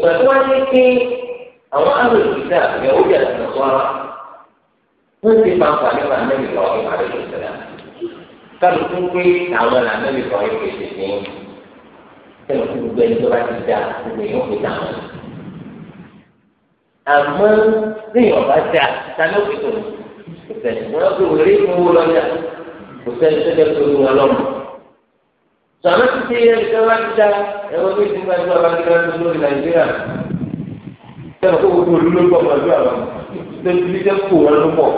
àwọn àwọn àrùn ìdá ìyàwó yàtọ̀ nàṣọ́ra wọ́n ti máa ń fà nípa nẹ́bí lọ ìmọ̀ àrẹ ìṣẹ̀lẹ̀ kálukú pé àwọn là nẹ́bí lọ ìmọ̀ ìṣẹ̀lẹ̀ ní ẹnu tó gbẹ ní tó bá ti dá gbogbo yìí ó fi dá wọn. àmọ́ níyàn bá dá sani ó fi tó ìṣẹ̀lẹ̀ wọ́n fi wọlé ìfowó lọ́jà kò sẹ́ni tó jẹ́ torí wọn lọ́mọ. sọ̀rọ̀ ti ṣe ẹni tó bá ti dá ẹ̀rọ sẹ́nu kó gbogbo olú ló ń bọ̀ pẹ̀lú àwọn lẹ́nu tí jẹ́ kó wọn ló pọ̀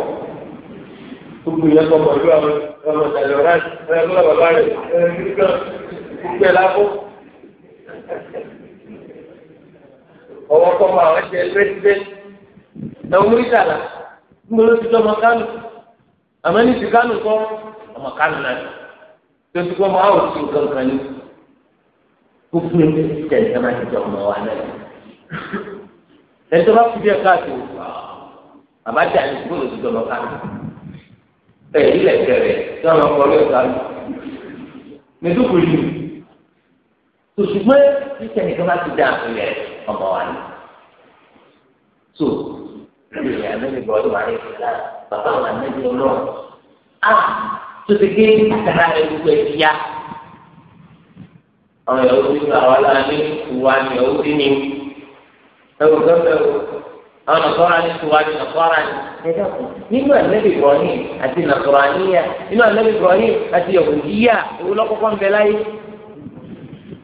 gbogbo yẹn bọ̀ pẹ̀lú àwọn ọmọ ìdàlọ́ rẹ̀ ẹ̀rọ bàbá rẹ̀ ẹ̀rọ kíkan gbogbo ẹ̀ lábọ́. ọwọ́ kọ́ mọ àwọn ẹ̀jẹ̀ pẹ́ẹ́sìdẹ́ ẹ̀wọ̀n mọ́ríkàlà ńgbọ́n ti tọ́ ọmọ kánù àmọ́ ní ti kánù kọ́ ọmọ kánù náà tó ti kọ́ mọ àwọn òṣìṣẹ́ kankan ní gbogbo ẹ̀ tẹ̀lé ẹ̀ máa ti jẹ ọmọ wa náà ẹtọ́ bá fi bí ẹ̀ka àti òkú bàbá tí a lè kó lòdì tó lọ ká ẹ ilẹ̀ tẹ̀rẹ̀ tí wọ́n kọ́ lé ọ̀gá lọ mẹ́tòkò yìí tòṣùgbọ́n títẹ̀ nìkan bá ti dá àpilẹ̀ ọmọ wa ni tó ìrìn àmẹ́lẹ̀ bọ́ọ̀lù wa ni bàbá wa nẹ́bí ọlọ́run a tó ti gé àtàrà rẹ̀ gbogbo ẹ̀ yá àwọn ẹ̀rọ tó ń bá wa lára ní ọ̀hún dín ní ẹwù gbẹmẹ o àwọn nasọra ni tiwájú nasọra ni ẹ̀dá kù nínú anabi ibrahim àti nasọraniya nínú anabi ibrahim àti yahudiya ewu lọkọkọ nbẹ láyé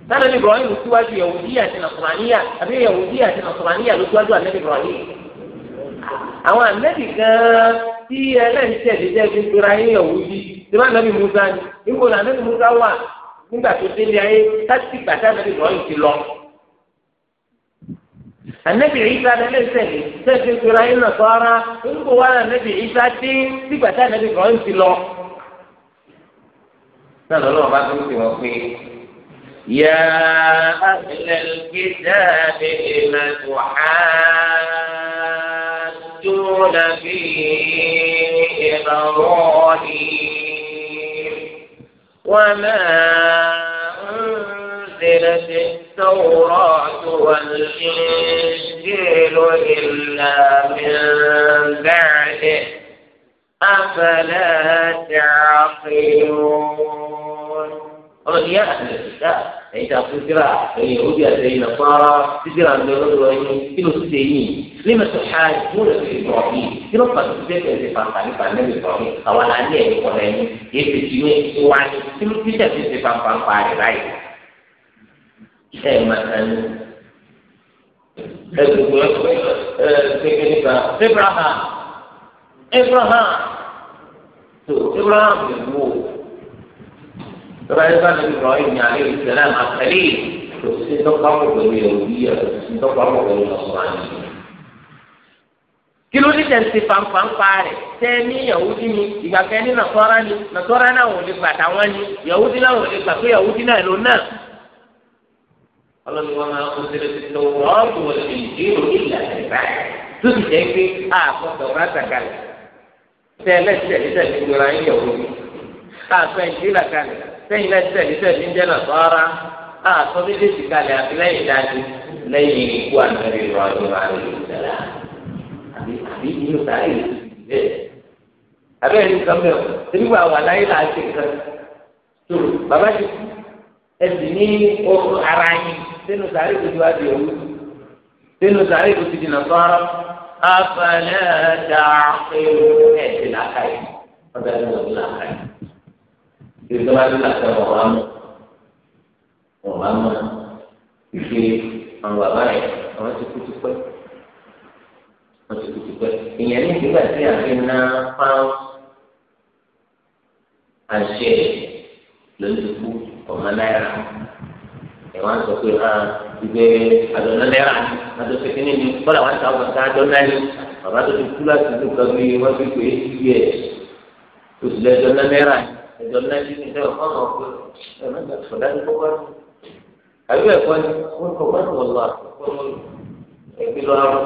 sanabi ibrahim tiwájú yahudiya àti nasọraniya àbí yahudiya àti nasọraniya ló tiwájú anabi ibrahim àwọn anabi gan tí ẹlẹ́ni tẹ̀lé jẹ́ fi gbéra yín yahudi tí wọ́n anabi musa ni níbo ni anabi musa wà nígbà tó délé ayé láti gbàtà anabi ibrahim ti lọ anabi isa lẹlẹ sẹlẹ sẹsẹ sọrọ ayé náà sọ ara nígbà wà anabi isa dé sígbà tí anabi ibrahim ti lọ. náà lọ́wọ́ bá tó ń sè wọ́n pé yà á lè gbé dáadé ìlà tó á tó nàbí التوراة والإنجيل إلا من بعده أفلا تعقلون قال يا أهل الكتاب ẹ̀yin àti sísírà ẹ̀yin òbí àti ẹ̀yin nàfàrà sísírà ń bẹ lọ́dọ̀ ẹ̀yin kí ló ti sẹ́yìn lẹ́mẹ̀ tó ṣá ìfún rẹ̀ fi bọ̀ bí kí ló pàṣẹ ti tẹ̀sẹ̀ ti fàǹfà ní fàǹfà ní bọ̀ bí àwọn àlẹ́ ẹ̀yin kọ̀ lẹ́yìn èyí ti ti ní ìwà ní kí ló ti tẹ̀sẹ̀ ti fàǹfà ń pa rẹ̀ báyìí ẹ màtá ni ẹ gbogbo ẹ nípa Abraham Abraham tó Abraham lè wò tọ́ba yẹn bá lè rọ ìyìn àlẹ́ ìṣẹ̀lẹ̀ àtẹ̀lé kò sí tọ́pamọ́ pẹ̀lú ìròyìn yẹn kò sí tọ́pamọ́ pẹ̀lú ọ̀sán yẹn kí ló ní tẹ̀sí fanfanfa rẹ̀ tẹ́ ní yahudi ni ìgbà kẹ́ni nàtọ́ra ni nàtọ́ra náà ò lè gbà táwọn ni yahudi náà ò lè gbà pé yahudi náà ló náà ọlọ́ni wọn máa kó sílẹ̀ títí lọ́wọ́ ọ́ọ́dù wọn lè dé òní ìlànà ìbáyà tó sì jẹ́ pé àkọ́tọ̀ ọ̀rá sàkàlẹ̀ tẹ́lẹ̀ tẹ̀lé tẹ̀lé ìjọra ń yọ̀ wọ́n káàfẹ́ ìjìlá kalẹ̀ sẹ́yìn náà tẹ̀lé tẹ̀lé ń jẹ́ nà sọ́ra àtọ́ méjèèjì kalẹ̀ àti lẹ́yìn dájú lẹ́yìn ikú àtẹ̀lé ìrọ̀lẹ́ àrùn ìṣẹ̀lá àbí àbí ìlú sáyé ìṣẹ̀lẹ̀ àbẹ́rẹ́ ẹsì ní oorun ara yín sínú sàárè tó ti wá di òwú sínú sàárè tó ti di nàkọ́rọ́ afẹ́lẹ́ dà ẹ̀rọ ẹ̀sìn làkàyè ọbẹ̀ ẹ̀rọ ẹ̀sìn làkàyè ìjọba tó làkàyè wọ́n wá mọ̀ wọ́n wá mọ̀ ìgbé àwọn bàbá yẹn àwọn ti kú ti pẹ́ wọ́n ti kú ti pẹ́ ìyẹn ní ìgbà tí a ná pàrọ̀ àṣẹ lóṣù kú ọmọ náírà ìwọ́n sọ pé hàn ah, ìgbé àdọ́nà náírà àti sèkínì ni bọ́lá wọn ta ọgbọ̀n tá àdọ́nà ni bàbá tó ti kú láti ìlú kan bí wọ́n fi pè é sí iye oṣù lẹ́dọ́nà náírà ẹ̀dọ́nà ní ní sẹ́wọ̀n fọ́nà ọ̀pẹ ẹ̀mẹ́ta sọ̀dá ní kọ́kọ́ ní. àbí ẹ̀kọ́ ni wọ́n kọ́ wọ́n wọ̀ lọ àkọ́kọ́ ẹ̀bí lọ́rọ̀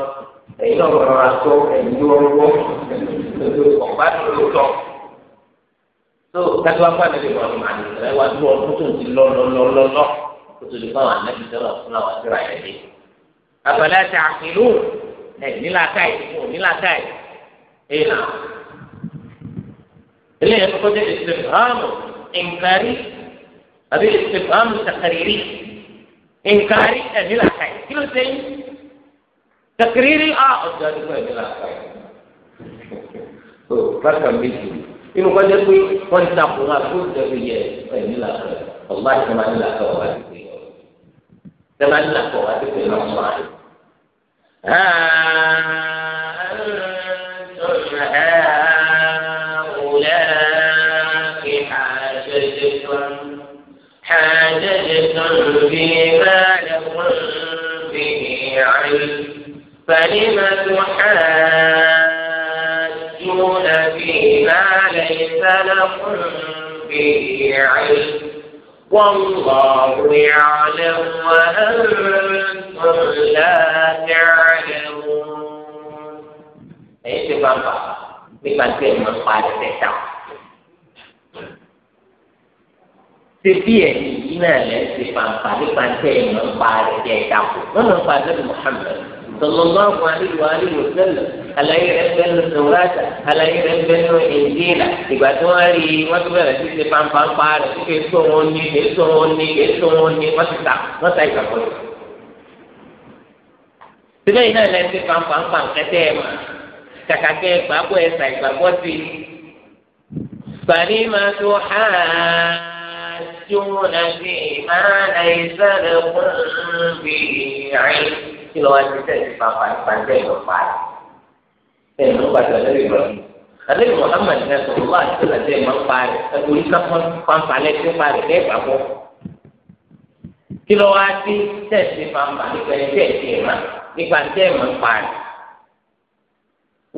ẹ̀yin náà tó kájú wá pàdé lè wọ́n máa nìyẹn ẹ wá dúró ọdún tó ń ti lọ lọ lọ lọ lọ kó tó lè fáwọn anábì sọ̀rọ̀ fún àwọn àdúrà yẹn lé. àbàlẹ̀ àti àkìlú ẹ̀ nílàkàì nílàkàì ẹ̀ nà. eléyìí kọ́kọ́ jẹ́ ìsèfàmù ìǹkarí àbí ìsèfàmù sàkàrírí ìǹkarí ẹ̀ nílàkàì kí ló ṣe sàkàrírí ọ̀dọ́ àdúgbò ẹ̀ nílàkàì. bákan méjì inú kọ́ jẹ́ pé wọ́n ti takò náà kó kóòtù ẹ̀fọ́ yẹ ẹ̀ nílà kọ́ ọ̀gbá ti máa nílà kọ́ ọ̀gbá sí pé tẹ́lá nílà kọ́ wá sí pé lọ́ sọ àyè. حاجة فيما لكم به علم فلم تحاجون يشكون فيما ليس لهم به علم والله يعلم وأنتم لا تعلمون أيش سبب بمن في المقال تشعر sepiɛ yi ina lɛ sepanpa nipa tɛ ɛmɛ mpa lɛ tɛ ɛdako mɛmɛ mpa lɛ muhammed صلى الله عليه وآله وسلم على يرسل التوراة على يرسل الإنجيل يبعثون لي وتبرع تيجي بام بام بار يسوني يسوني يسوني ما تسا ما تايكا كوي تبقى هنا لنتي بام بام بام كتيما كاكاكي بابو يساي بابو تي فلما تحاجون فيما ليس لكم به علم kí lọ́wọ́ ti tẹ̀sí pàpà nípa tẹ̀ lọ pa rẹ̀. bẹ́ẹ̀ ló gbàdúrà lórí ìrọ̀lẹ́ àlejò Muhammad náà sọ̀rọ̀ wá àti tẹ̀lé tẹ̀ máa ń pa rẹ̀ orí kápọ́n pàmpà lẹ́sẹ̀ pa rẹ̀ bẹ́ẹ̀ gbàgbọ́. kí lọ́wọ́ ti tẹ̀sí pàmpà nípa tẹ̀sí mà nípa tẹ̀ máa ń pa rẹ̀.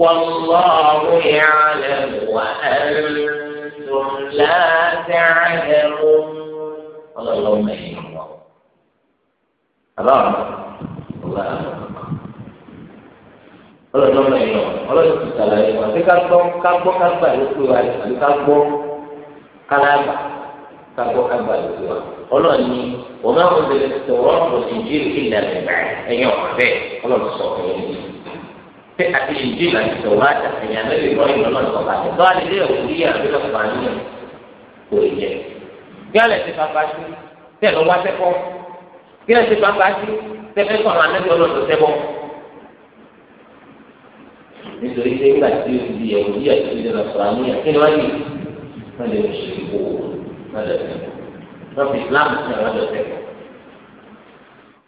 والله يعلم وأنتم لا bá a lọ. ọlọ́dún ọmọ ẹ̀yàn ọlọ́dún ti sàlàyé wọn àti ká gbọ́ ká gbọ́ ká gbà ló pé wa àti ká gbọ́ kálábà ká gbọ́ ká gbà ló wa. ọlọ́run ni wọ́n máa ń bẹ̀rẹ̀ sọ̀rọ̀ ọ̀pọ̀ ìjírí ìlànà ẹ̀yàn ọ̀fẹ́ ọlọ́run sọ̀rọ̀ ẹ̀yìn pé àti ìdí ìlànà ìṣòwò àtàkìyàn lórí ìwọ ìlú náà lọ́ba àti tó àlejò òkúrí àbí lọ́ba nínú kò yẹ. bí alẹ́ ti bàbá sí bẹ́ẹ̀ ló wá sẹ́kọ̀ọ́ bí alẹ́ ti bàbá sí sẹ́fẹ́ sọ̀rọ̀ anábì ọlọ́dún sẹ́bọ̀. nítorí pé nígbà tí o di ẹ̀wù yíyà tó ti dẹ̀rọ̀ sọ̀rọ̀ àmúyẹ̀ kí ni wọ́n yìí wọ́n lè ṣe ìbò wọ́n lè ṣe wọ́n fi Islam sí àwọn ọ̀dọ̀ sẹ́bọ̀.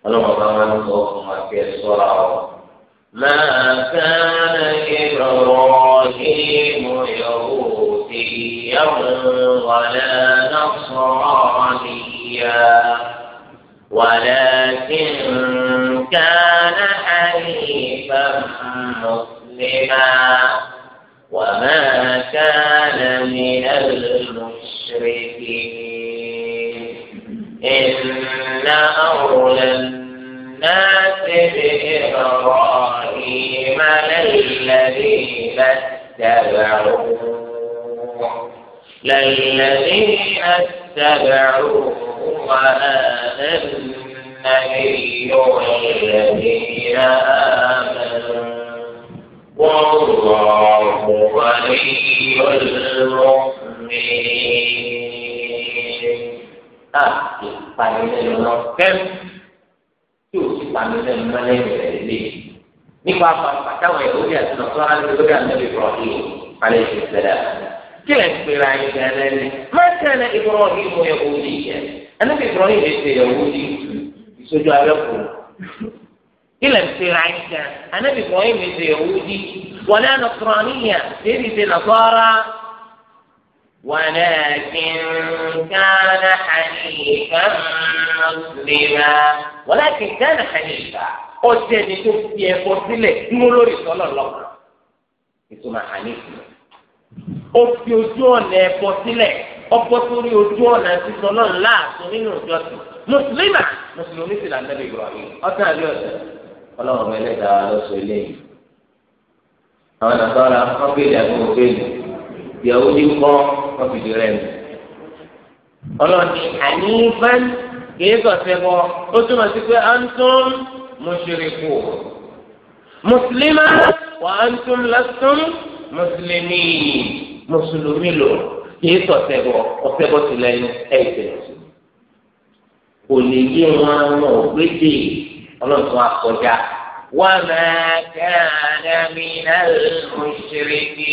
ọlọ́run bá wọn sọ fún wa kí ẹ sọ́ra ọ ما كان إبراهيم يهوديا ولا نصرانيا ولكن مسلما وما كان من المشركين إن أولى الناس بإبراهيم للذين اتبعوه للذين اتبعوه وآمنوا أيها الذين آمنوا والله ولي المؤمنين àti ìpanilẹ́nu lọ kẹ́m tí o sì panilẹ́nu lọ lẹ́yìn rẹ̀ lé nípa pàtàwọn ẹ̀rọ ní àti nàkọ́ alẹ́ lórí ànábì Ibrahim alẹ́ ti sẹ́dá kí lẹ́ ń pèrè ayé gan-an lẹ́nu má kẹ́lẹ́ Ibrahim yẹ kó di yẹ ànábì Ibrahim yẹ ti yẹ wó di sójú abẹ́kù kílẹ̀ ti ra ẹ̀ gan anábì kan yìí mi ṣe Yahudi wọlé nọkùnránìyà èyí ṣe Nasara ولكن كان حنيفا مسلما ولكن كان حنيفا ọjọ́ ẹni tó fi ẹ̀kọ́ sílẹ̀ mú lórí sọ́lọ̀ lọ́kàn ìtumọ̀ hanifu ó fi ojú ọ̀nà ẹ̀kọ́ sílẹ̀ ọ̀pọ̀ sórí ojú ọ̀nà sísọ náà láàtún nínú ìjọsìn mùsùlùmá mùsùlùmí sì là ń tẹ́lẹ̀ Ibrahim ọ̀tún àbí ọ̀tún ọlọ́run ọmọ ẹlẹ́dàá lọ́sọ eléyìí àwọn nàkọ́ra wọn kéde àti wọn kéde ìyàwó ní kọ́ wọn fìdí rẹ̀ mi ọlọ́ọ̀ni ànífàn kìí kọ̀sẹ̀ bọ̀ ó túmọ̀ sí pé antum mushriku mùsùlùmá wà antum lastum mùsùlùmí mùsùlùmí lò kìí kọ̀sẹ̀ bọ̀ ọ̀sẹ̀ bọ̀ sílẹ̀ ẹ̀ ìṣẹ̀lẹ̀ sí kò ní yé wọn wọn ò gbédè ọlọ́run akọjá wọn máa káàdá mi náà ló ń ṣeré kí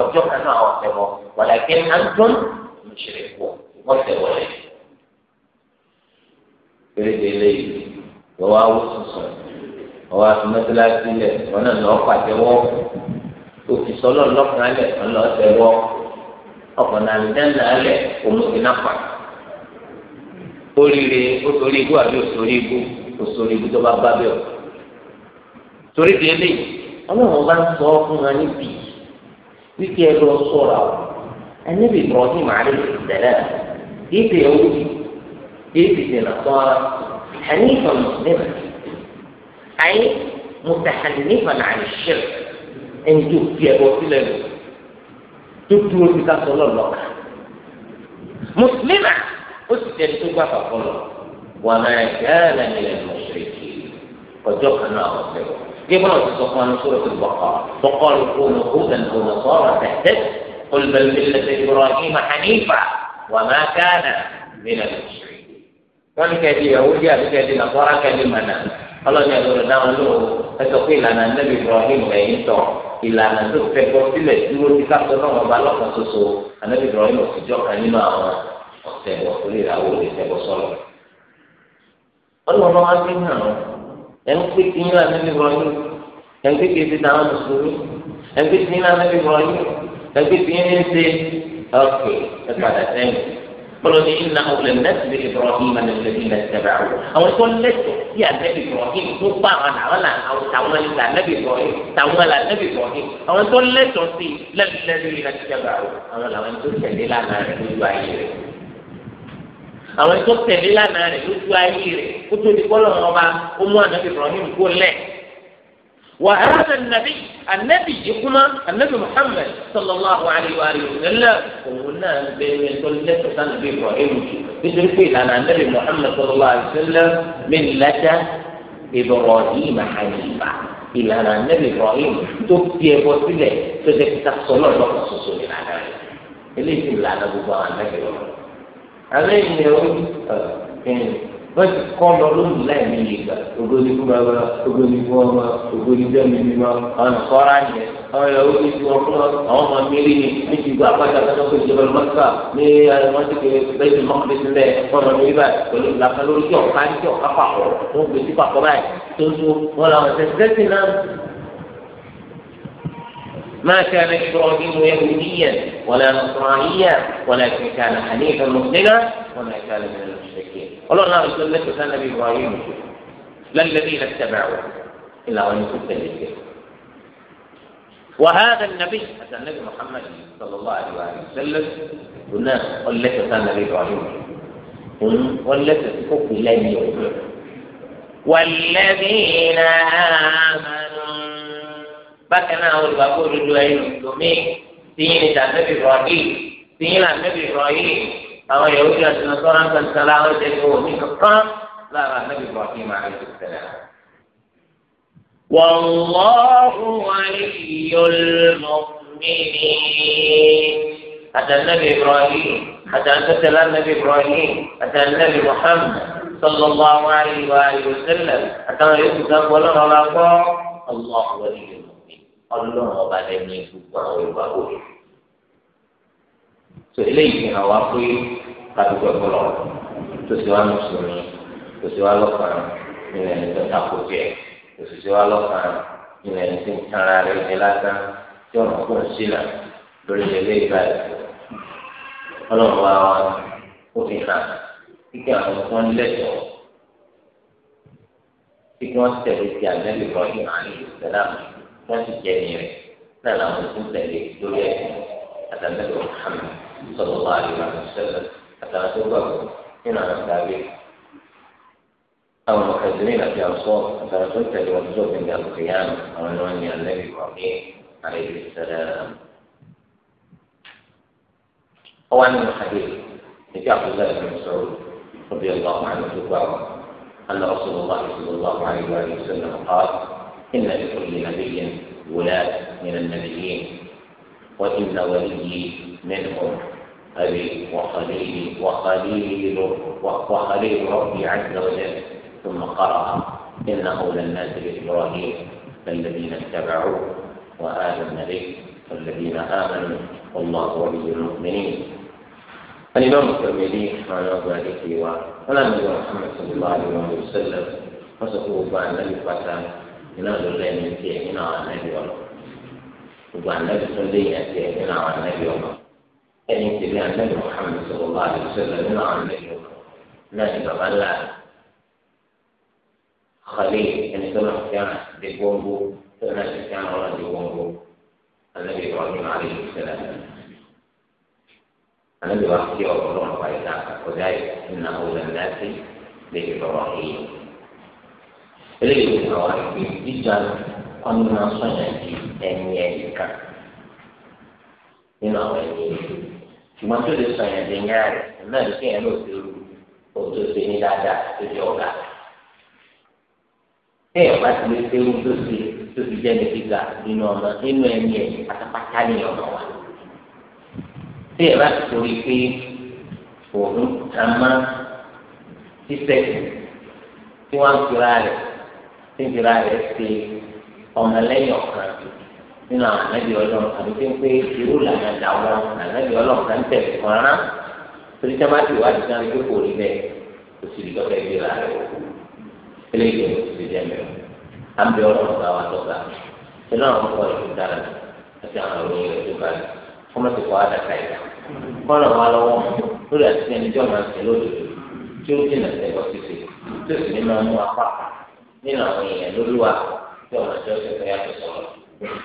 ọjọ́ kan náà ọ̀sẹ̀ wọ wàlàkẹ́ náà dún ló ń ṣeré kú ọ̀sẹ̀ wọlé. péréde léyìí lọ́wọ́ awó sísun ọwọ́ àtúmọ̀tìláṣí lẹ̀ wọn náà lọ́ọ́ pàtẹ́wọ́ òfin sọlọ́ọ̀ lọ́kùnrin alẹ̀ wọn lọ́ọ́ tẹ́wọ́ ọ̀pọ̀ nàìjíríà náà alẹ̀ òmùsìn náà pàtẹ́ oríire ó torí ibú àbí òsòrí ibú òsòrí ibú tó bá bá bẹ́ẹ̀ o. torí di eléyìí ọlọ́run bá ń sọ ọ́ fún wa níbi wíkẹ́ ẹ lọ sọ̀rọ̀ àwọn ẹnẹ́bí ìbọ̀dún màálí ìbẹ̀rẹ̀ kìí ṣe ewúrẹ́ kìí ṣe ìdènà sọ́ra ẹni ìfọ̀ mùsùlùmí ayé mùsàlùmí nífọ̀ náà lè ṣe ẹni tó fi ẹbọ sílẹ̀ lò tó dúró sí ká sọ lọ́ọ̀lọ́ka mùsùlùmí náà ó sì tẹni tó gbà fà fọlọ wà máa jẹ ẹlẹni lẹnu ọsẹrẹkì ọjọ́ kan náà wọn fẹ gébọn ti sọ fún anusọrọ tó bọkọ bọkọ ló kó ló kó lẹnu kó ọ̀rọ̀ tẹtẹ olùbẹlẹ lẹsẹ ìgbọràn yìí mà wọn kẹdí ẹwúdí àti kẹdí nàkọrà kẹdí mànà ọlọ́ni ẹ̀dọ́rọ̀ dáhùn ló ẹ sọ tó náà wọn bá lọ́kàn ṣoṣo ànẹ́bí Ibrahim òsìjọ́ kan nínú àwọn ọ̀sẹ̀bọ̀ torí ìràwọ̀ lè sẹ̀bọ̀ sọ̀rọ̀. ọlọ́run wá sí hàn án ẹnu pé kí ní lànà níbi rọ̀ yìí ẹnu pé kí n ti dáhùn mùsùlùmí ẹnu pé kí ní lànà níbi rọ̀ yìí ẹnu pé kí ní ṣe ọ̀kẹ́ ẹ padà sẹ́yìn. bọ́lá ní iná ọ̀lẹ̀ nẹ́sìlì Ibrahim ẹnìlẹ́bí lẹ́sẹ̀bẹ̀ àwọn àwọn tó lẹ́sẹ̀ sí ànẹ́bí Ibrahim tó bá àwọn àwọn àwọn táwọn ẹni tà ànẹ́bí Ibrahim táwọn ẹni ànẹ́bí Ibrahim àwọn tó lẹ́sọ̀ sí lẹ́sẹ̀bẹ̀ àwọn àwọn làwọn tó tẹ̀lé lánàá rẹ̀ lójú ayé rẹ̀ àwọn ètò tẹ̀lé lánàá rẹ̀ lójú ayé rẹ̀ kó tó di kọ́lọ̀ wọn bá ó mú ànábì Ibrahim kó lẹ̀. wà á rẹ̀ nàbí ànábì yìí kúmá ànábì Muhammad sallallahu alayhi wa sallam òun náà bẹ̀rẹ̀ tó lẹ́tọ̀ sáà nàbí Ibrahim nítorí pé ìlànà ànábì Muhammad sallallahu alayhi wa sallam min lata Ibrahim hanifa ìlànà ànábì Ibrahim tó fi ẹbọ sílẹ̀ tó ṣe kíkà sọlọ́ọ̀lọ́ àmì ìyẹn ó ẹ̀yìn wọ́n ti kọ́ lọ lónìí láìmí yìí gbà ogoni fún bàbá ogoni fún ọmọ ogoni dẹ́mi mímọ àwọn ìkọ́ra yẹn àwọn ìyàwó ti fi wọn fún ọ àwọn ọmọ mìíràn ni níbi ìgbà pátákátá kò jẹ́ lọ́dún mọ́tà ní àwọn ti fi bẹ́ẹ̀ni mọ́kànlá ti lẹ̀ ọmọ mi bá pẹ̀lú làkàn tí ọ̀ká tí ọ̀ká pàpọ̀ wọ́n gbé pàpọ̀ báyìí tó tó wọn làwọn ẹ̀sẹ̀ ما كان إبراهيم يهوديا ولا نصرانيا ولكن كان حنيفا مسلما وما كان من المشركين ọlọ́run náà sọ كان ابراهيم nàbí لا الذين اتبعوه الا ilẹ̀ وهذا النبي هذا النبي محمد صلى الله عليه وسلم قلنا ولت سنة النبي إبراهيم كفر لن يؤمن والذين آمنوا bákan náà àwọn olùgbàgbọ́ òdodo ẹ̀yin mùsùlùmí tìyín ní tàbí ìrọ̀lì tìyín là rọ yìí àwọn yòówù tí a ti sọ náà kan sọ láwọn jẹ kó ní kankan lára rọ yìí máa ń tẹ̀lé. والله ولي المؤمنين أتى النبي إبراهيم أتى أن النبي إبراهيم أتى النبي محمد صلى الله عليه وآله وسلم أتى يوسف ولا الله ولي ọlọ́run ọba lẹ́nu gbogbo àwọn ìwà òde. tó eléyìí fi hàn wá pé kàdúgbò ẹ̀kọ́ lọ tó sì wá mùsùlùmí tó sì wá lọ́kàn nílẹ̀ ní tó takò jẹ tó sì sì wá lọ́kàn nílẹ̀ ní tó tara rẹ̀ ní lásán tí ọ̀nà kò ń sílà lórí eléyìí báyìí. ọlọ́run wa wá ó fi hàn kíkẹ́ àwọn tó ń lẹ́tọ̀ọ́ kíkẹ́ wọ́n tẹ̀lé ti àgbẹ̀lẹ̀ kan wọ́n sì jẹ́ ní rẹ̀ náà làwọn tó ń tẹ̀lé lórí ẹ̀sìn àtàlẹ́lẹ́ Muhammad sọ̀rọ̀ wà àríwá sẹ́lẹ̀ àtàlẹ́ tó gbàgbọ́ nínú àwọn tàbí àwọn mọ̀kàndínlẹ́ àti àwùsọ àtàlẹ́ tó ń tẹ̀lé wọn tó gbẹ̀ngà lùkìyàn àwọn ni wọ́n ní alẹ́bí bá ariwa sele atale àríwá sẹ́lẹ̀ nàbí àwọ̀sọ atale to nínú àdé ń ni won tó tó ń ń wọn ni wọn tó ń sele ìlú sọ̀rọ̀ رضي الله عنه وارضاه أن رسول الله صلى الله wọn tó ń قال إن لكل نبي ولاة من النبيين وإن وليي منهم أبي وخليلي وخليل وخليل ربي عز وجل ثم قرأ إنه للناس بإبراهيم الذين اتبعوه وآل النبي والذين آمنوا والله ولي المؤمنين الإمام الترمذي معنى ذلك وأنا نبي محمد صلى الله عليه وسلم فسقوا بأن النبي iná ló lẹ́nu tiẹ̀ nínú àwọn anábì ọ̀nà gbogbo anábì tó léyìn tiẹ̀ nínú àwọn anábì ọ̀nà ẹni tí tẹ̀lé anábì muhammed Muhammad sallallahu alaihi wasallam nínú àwọn anábì ọ̀nà náà ni bàbá ńlá xali ẹni tó náà fi hàn di gbóngbó tó náà ti fẹ́ràn ọ̀nà di gbóngbó anábì Ibrahim alaihi salam anábì wa fi ọ̀rọ̀ lọ́nà wáyé náà kọjá yìí nínú àwọn olùdásí lè yìí. eléyìí ló kàn wá pé jíjà ọ̀nà máa sọ̀yà di ẹni ẹ̀yìn kan nínú àwọn ẹni ẹ̀yìn ṣùgbọ́n tó lè sọ̀yà di ẹ̀yìn rẹ̀ náà ló kéèyàn ló ti rú ohun tó ṣe ní dáadáa tó jẹ́ ọ̀gá. téèyàn bá ti lè ṣe ohun tó ṣe tó fi jẹ́ ní gíga nínú ọmọ nínú ẹni ẹ̀yìn pátápátá ní ọmọ wa. téèyàn bá ti torí pé òun kà má ṣiṣẹ́ tí wọ́n ń kura rẹ̀ tíjìra rẹ̀ ṣe ọmọlẹ́yìn ọ̀kan nínú àwọn ànábì ọlọ́run àbí tí ń pé irú làwọn àdáwọ̀ ànábì ọlọ́run kan tẹ̀lé kan rárá torí tí a bá ti wá rí bẹ́ẹ̀ kò sì rí lọ́fẹ̀ẹ́ gbéra rẹ̀ eléyìí kò sì jẹ́ mẹ́rin à ọlọ́run bá wa lọ́gbà nínú àwọn ọkọ̀ ìlú dára àti àwọn ìròyìn rẹ̀ tó bá rí wọ́n mọ̀ sí kọ́ àdàkà ìdá wọ́n ràn wá lọ́wọ́ lórí àti nínú àwọn èèyàn lóluwà tí ọmọ ìjọ ṣe fẹ́ yàtọ̀ sọ̀rọ̀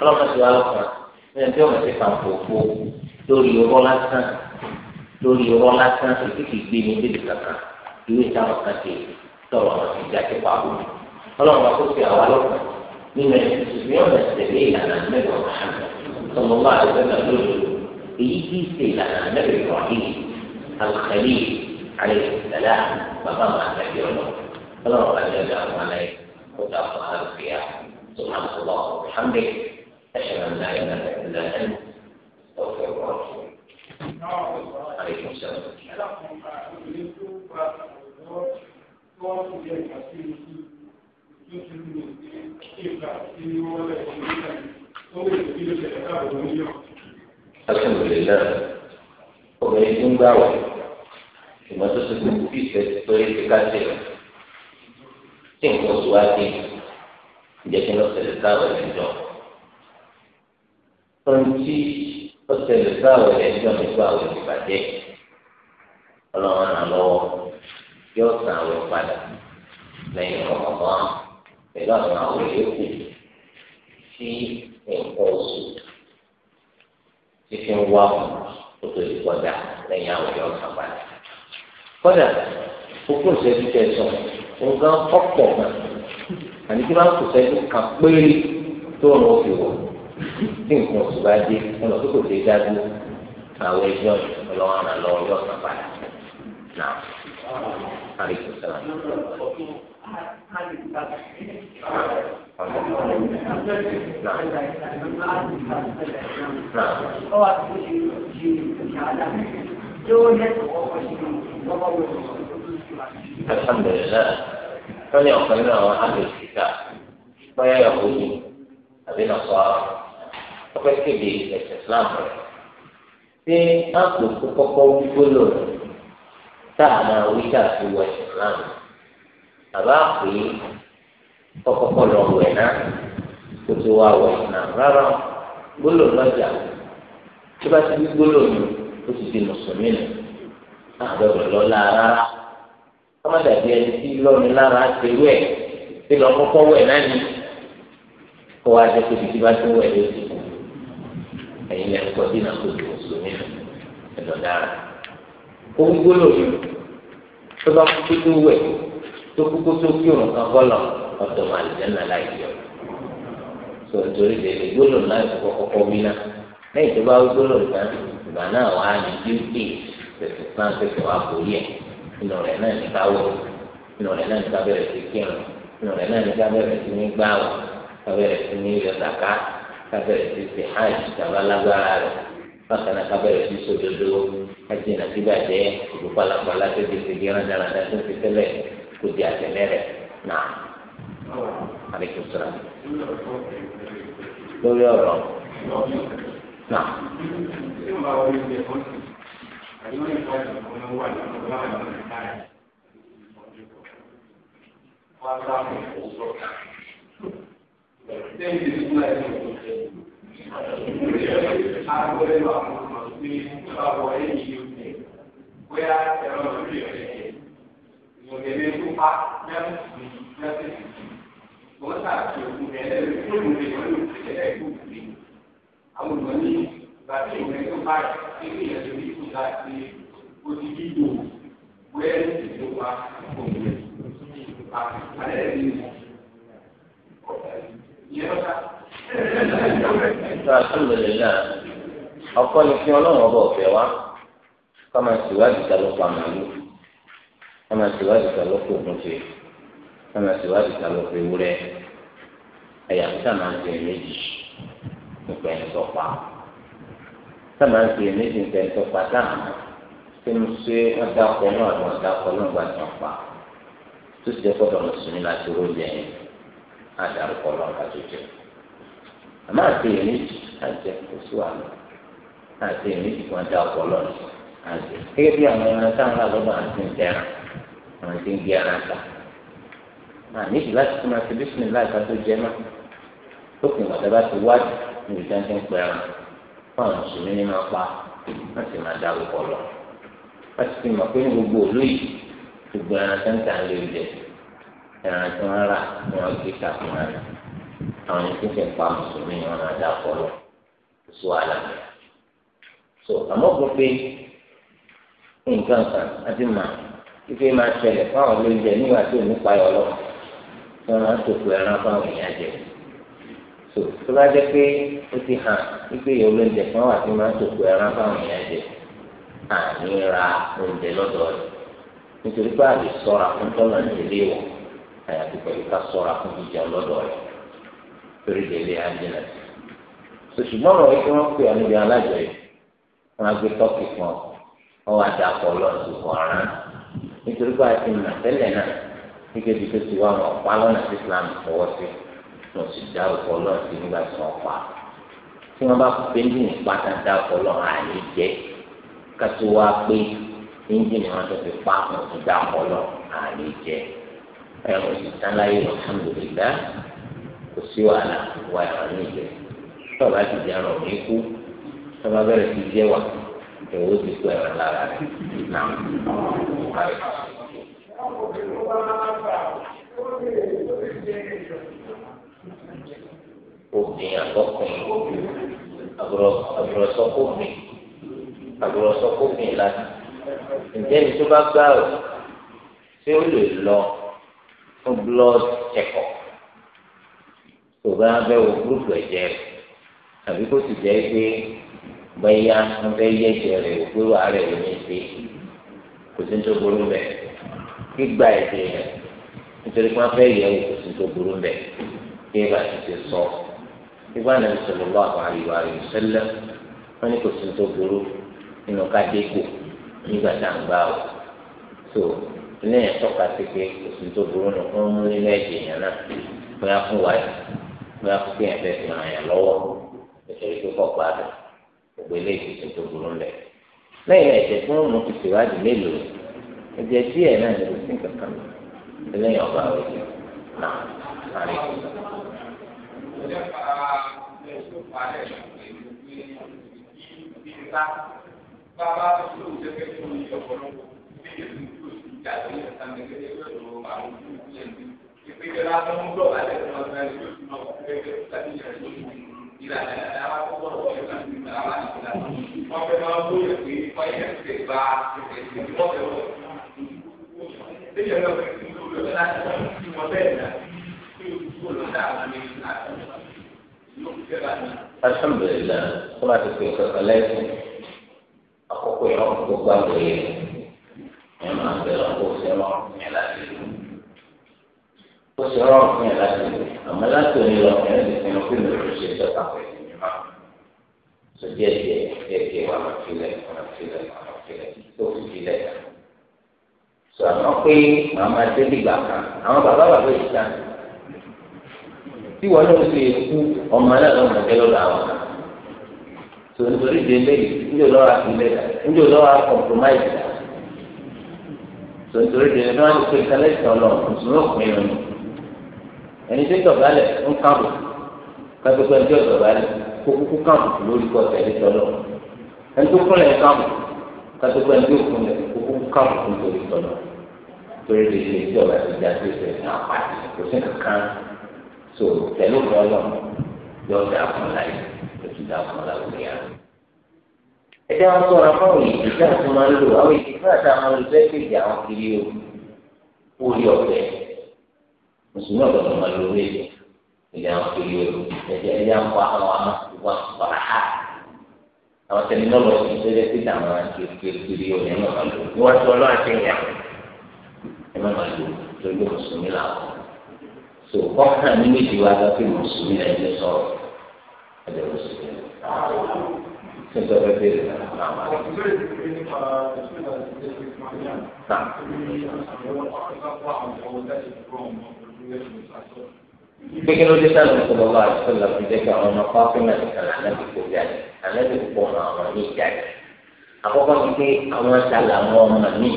ọlọ́mọ ti wá lọ́kàn nínú tí ọmọ ti kà ń fòfo lórí ọwọ́ lásán lórí ọwọ́ lásán títí kì í gbé ní bíbí kankan ìwé táwọn kan ti tọrọ ọmọ ti já ti pàbó ọlọ́mọ kó fi àwa lọ́kàn nínú ẹni tuntun ní ọmọ ìtẹ̀lé ìlànà mẹ́rin ọ̀hán tọmọ máa lọ sẹ́nà lóṣù èyí kì í ṣe ìlànà mẹ́rin ọ̀hìn alùpàdé àlẹ́ ìṣẹ̀lá bàbá màá tẹ̀lé ọlọ́ ọlọ́run àti ẹ̀dá àwọn aláìsí. متأخر عن القيامة سبحانك الله وبحمدك أشهد أن لا إله إلا أنت أستغفرك وأتوب عليكم السلام الحمد لله ومن يكون دعوة كما تسلم في سيد الطريق tí nǹkan oṣù wa dé ǹjẹ́ kí ló ṣẹlẹ̀ sáwọ̀ ẹ̀ jọ. Tọ́ntì ó ṣẹlẹ̀ sáwọ̀ ẹ̀ jọ nípa àwọn ìbàjẹ́ ọlọ́run náà yóò san àwọn padà lẹ́yìn ọ̀mọ̀mọ́ pẹ̀lú àwọn àwọn yòókù tí nǹkan oṣù ti ń wá kó tó lè kọjá lẹ́yìn àwọn yòókù padà. Kọ́dà, okùn ìṣẹ́jú tẹ̀sán. 我们不讲了，你看我们宿舍看玻璃多牛逼，你们兄弟看到这个世界上，台湾人老牛掰，那，阿里叔叔。alhamdulillah wọn ní ọ̀kan nínú àwọn àgbèsìkà bóyá yàgò ní àbí nàṣọ́ra wọn fẹ́ kéde ẹ̀sìn islam rẹ̀ ṣé àpò tó kọ́kọ́ wí gbólóhùn tá a máa wí tá a wọ ẹ̀sìn islam àbá pè é kọ́kọ́kọ́ lọ wẹ̀ náà kó tó wá wẹ̀ náà rárá gbólóhùn lọ́jà tó bá ti wí gbólóhùn ó ti di mùsùlùmí nù àbẹ̀wò lọ́la rárá wọn dàbí ẹni tí lọ́mi lára ṣe wẹ̀ tí lọ́ kọ́kọ́ wẹ̀ náà ni kó wá jẹ́ pé bíbí bá ti wẹ̀ lóṣù ẹ̀yin lẹ́nu kọ́ dínà tó di mùsùlùmí ẹ̀dọ̀ dára kó gbólò yìí tó bá kú tó wẹ̀ tó kú tó kí òun kan bọ́lọ̀ ọ̀dọ̀ máa lè dẹ́nà láì yọ tó nítorí lèlè gbólò láì fọ́ kọ́kọ́ wí náà lẹ́yìn tó bá gbólò ìgbà náà wà ní inú rẹ̀ náà ní káwọ́ inú rẹ̀ náà ní kábẹ̀rẹ̀ sí kírun inú rẹ̀ náà ní kábẹ̀rẹ̀ sí ní gbáwọ̀ kábẹ̀rẹ̀ sí ní yọ̀sàká kábẹ̀rẹ̀ sí sí hajj tàbá lágbára rẹ̀ bákan náà kábẹ̀rẹ̀ sí sódodo hajj náà ti bàjẹ́ ìlú pálapàla tó ti fi gíran dára dá tó ti tẹ́lẹ̀ kó di àtẹ̀lẹ́ náà àlékún sọ̀rọ̀ lórí ọ̀rọ̀ náà. 我上学五年，中午的时候在在部队，啊，我们。ìgbà tí ìwé tó bá ti ní ìyẹn lórí kù láti odi dídò wẹ́ẹ́ ìlú wa kò wẹ̀ àti alẹ́ rí mu. Alhamdulillah ọkọ ni kí ọlọ́run ọba ọ̀fẹ́ wa ká máa ṣèwádìí ta ló pa màálù ká máa ṣèwádìí ta ló kó ògùn ṣe ká máa ṣèwádìí ta ló fi ewúrẹ́ ẹ̀yà tó sàmáǹtì méjì nípa ẹni pa sábà ń fi èmi jìn tẹ̀sọ̀ pàtà tí mo ṣe ọ̀dàpọ̀ náà àwọn ọ̀dàpọ̀ náà gba tàn pa tó sì jẹ́ pọ̀tọ̀ mùsùlùmí láti ró jẹ yẹn àdàrúkọ náà ká tó jẹ àmọ́ àti èmi àjẹ kò sí wà lọ àti èmi jì wọn dá ọkọ lọ àjẹ gẹ́gẹ́ bí àwọn ẹran táwọn àlọ́bà àti ìjẹran àwọn ti ń gbé ara ta àní ìdí láti tún máa ṣe bísí nílá ìka tó jẹ náà lópin ìgbà fáwọn mùsùlùmí ní máa pa wọ́n sì máa dárúkọ lọ wọ́n fi mọ̀ pé gbogbo òlú yìí gbogbo ẹran tó ń tà lè jẹ ẹran tó ń rà àwọn pa mùsùlùmí ni wọ́n máa dárúkọ lọ kó sí wàhálà mi. so àmọ́ gbọ́ pé nǹkan kan àti màá máa ṣẹlẹ̀ tó tó bá jẹ́ pé ó ti hàn wípé ìyá olóúnjẹ kan wà tí máa ń tòkù ẹran fáwọn èèyàn jẹ àní ra oúnjẹ lọ́dọ̀ rẹ̀ nítorí pé àlè sọ́ra fún tọ́lọ̀ nílé wọ̀ àyàfi pẹ̀lú ká sọ́ra fún jíjẹ lọ́dọ̀ rẹ̀ torí délé ájínà tó ṣùgbọ́n ọ̀rọ̀ yìí wọ́n pè ọ́nìyàn alájọ yìí wọ́n á gbé tọ́kì kan wọ́n wá da ọkọ̀ lọ́ọ̀tì kan ara nítorí pé àti màtẹ́lẹ̀ náà nígbèdì tó ti wá wọn ọ̀pá lọ́nà Islam fọwọ́ wọn sì dá ọkọ náà sí nígbà tí wọn pa tí wọn bá pe ẹ́ńjìnì pátá dá ọkọ náà àní jẹ kátó wá pé ẹ́ńjìnì wọn tó fi pa wọn tó dá ọkọ náà àní jẹ ẹ̀rọ ìtàláyé alhamdulilá kò sí wàhálà wà ẹ̀rọ ìjẹ tọ́ba ti di ẹ̀rọ ní kú tọ́ba bẹ̀rẹ̀ ti jẹ́ wà èwo ti kú ẹ̀rọ lára rẹ̀ náà obìnrin àtọkùnrin àbúrò sọkóbìn àbúrò sọkóbìn láti ǹjẹ́ ní tó bá gbà ọ́ ṣé ó lè lọ fún blood check-up tó bá bẹ́ wo gúrúùpù ẹ̀jẹ̀ rẹ̀ àbí kó sì jẹ́ pé bẹ́yà ń bẹ́ yẹ ẹ̀jẹ̀ rẹ̀ ò pé wàá rẹ̀ ní í kò sí ní tó burú bẹ́ẹ̀ gbígba ẹ̀jẹ̀ rẹ̀ nítorí pé wọ́n fẹ́ yẹ òkú sí tó burú mbẹ́ kí ẹ bá ti ti sọ ìgbà náà sọ̀rọ̀ lọ́wọ́ àwọn àríwá rẹ̀ sẹ́lẹ̀ wọ́n ní kò sí tó burú nínú kádékò nígbà tá à ń gbà ó tó ilé yẹn tọ́ka sí pé kò sí tó burú nù wọ́n mú nínú ẹ̀jẹ̀ yẹn náà bóyá fún wa yìí bóyá fún kí ẹ fi ràn yẹn lọ́wọ́ nítorí pé kọ́ gbádùn gbogbo ilé ìgbésẹ̀ tó burú mbẹ́ lẹ́yìn ẹ̀jẹ̀ fún òun ti ṣèwádìí 肯定有吧，哪哪里？昨天把它那个收回来，对不对？一、二、三，刚刚十五天可以做一个活动，一点零六七加一点三，每个点阅读百分之的。点零，一点六五多，百分之五点六，百分之七点一，一点二，百分之五点二，百分之五点三，百分之五点三，我这个会员可以返一点八，对不对？我这个，这样子。lọ láti wọ́n ti wọ́n bẹ́ẹ̀ dà kí o kúrò lọ́dà àwọn ẹni láti yóò fẹ́ bá mi. alhamdulilayi kó máa ti pè kankan lẹ́sìn àkókò yẹn wọn kó gbàgbọ́ yẹn ẹ máa bẹ̀rẹ̀ kó o ṣe wọn yẹn láti lò ó ṣe wọn fún yẹn láti lò àmọ́ láti òní lọ yẹn lè fi hàn pé mi ò ṣe ìjọba pẹ̀lú mi máa sọ díẹ̀ díẹ̀ díẹ̀ díẹ̀ wà á máa fi lẹ̀ wà á máa fi lẹ̀ wà á máa fi lẹ̀ tó fi fi lẹ̀ yàtọ̀ sọ̀rọ̀ pé màmá débìgbà kan àwọn bàbá bàbá yìí ta tí wọn náà fi kú ọmọ náà lọ́mọ jẹ́ lọ́dọ̀ àwọn kan tó nítorí délé níjò lọ́wọ́ àfilẹ̀ níjò lọ́wọ́ àkọ̀mpromáìsì tó nítorí délé náà wọ́n ti pè kálẹ̀ ìtọ́lọ̀ ìṣúná òpin ìrìn ẹni tó dọ̀bálẹ̀ ń kábò kápẹ́pẹ́ ẹni tó dọ̀bálẹ̀ kókókó kábò lórí kọ́ tẹ̀lé tọ́lọ̀ ẹni tó kúnlẹ̀ kábò kápẹ́pẹ́ ẹni tó kúnlẹ̀ káwọn fún torí tọ̀nà torí lè ṣe tí ọba ti di àtẹ̀sẹ̀ ní apáti kò sí nǹkan so tẹ̀lé òfin ọlọ́run yọ ọ̀dà fún láyé ètò ìdá fún láwùjọ yàrá. ẹ jẹ́ wọn sọ̀rọ̀ fún òyìn ìdílé àti máa ń lò àwọn ìdílé àti àwọn olùfẹ́ kéde àwọn kiri o orí ọ̀fẹ́ mùsùlùmí ọ̀dọ́ ọ̀dọ́ máa lò wéèdì ìdí àwọn kiri o ẹ̀jẹ̀ ẹ̀jẹ̀ àwọn àwọn àmọ́ ìwà ọ̀rá àwọn tẹ̀lé náà lọ sí ìṣẹ́jẹ́ sí ìdààmú kékeré òní ẹ̀ máa lò níwájú ọlọ́run ti yàn ẹ̀ máa lò lórí mùsùlùmí làwọn. so kọ́kà ní méjì wá lọ sí mùsùlùmí náà ẹ̀jẹ̀ sọ̀rọ̀ ẹ̀jẹ̀ mùsùlùmí. ṣé n tọ́jú pé náà máa lò gbẹgẹ ló dé sálọ sọlọ bá àtúntò fi jẹ kí àwọn ọmọ fáfínà nìkan ànábì kò jáde ànábì kò pọ̀ mọ́ àwọn míì jáde àkọ́kọ́ ni pé àwọn ẹ̀ta làwọn ọmọ míì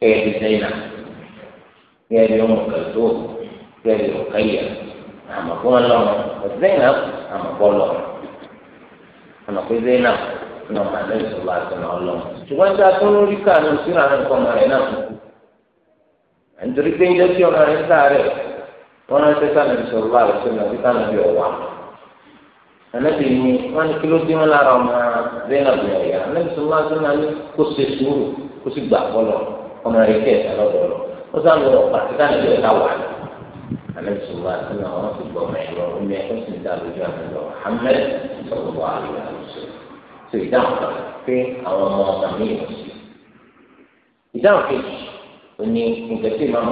kẹ́ẹ̀ bí sẹ́yìnà kẹ́ẹ̀ bí ọmọ kẹ́tó kẹ́ẹ̀ bí ọ̀kẹ́yà àmọ̀ fún wọn lọ́wọ́ ọ̀sẹ́yìnà àmọ̀ bọ́ lọ́wọ́ àmọ̀ pé sẹ́yìnà ní ọmọ ànábì sọlọ àtúntò ọlọ́wọ́ ṣùgbọ́n tí a tún wọn náà ṣẹṣẹ àná ìṣòro bá rẹ sínú àti sáà nàbí ọwà ànábì ni wọn ní kí ló dé wọn lára ọmọ zainab ní ọyà ànábì sọ wọn sọnà ní kó ṣe sùúrù kó sì gbà fọlọ ọmọ rẹ kẹ ẹsẹ lọ́dọ̀ lọ ó sáà lọ pàṣẹ sáà nàbí ọyà wà ní ànábì sọ wọn sọnà wọn sì gbọ́ ọmọ ẹ lọ omi ẹ fún sìnká lójú àmì lọ hamẹ sọlọ wà á lọ ìdáhùn kan pé àwọn ọmọ ọmọ mi yẹn sí ìdáhùn kejì ó ní nǹkan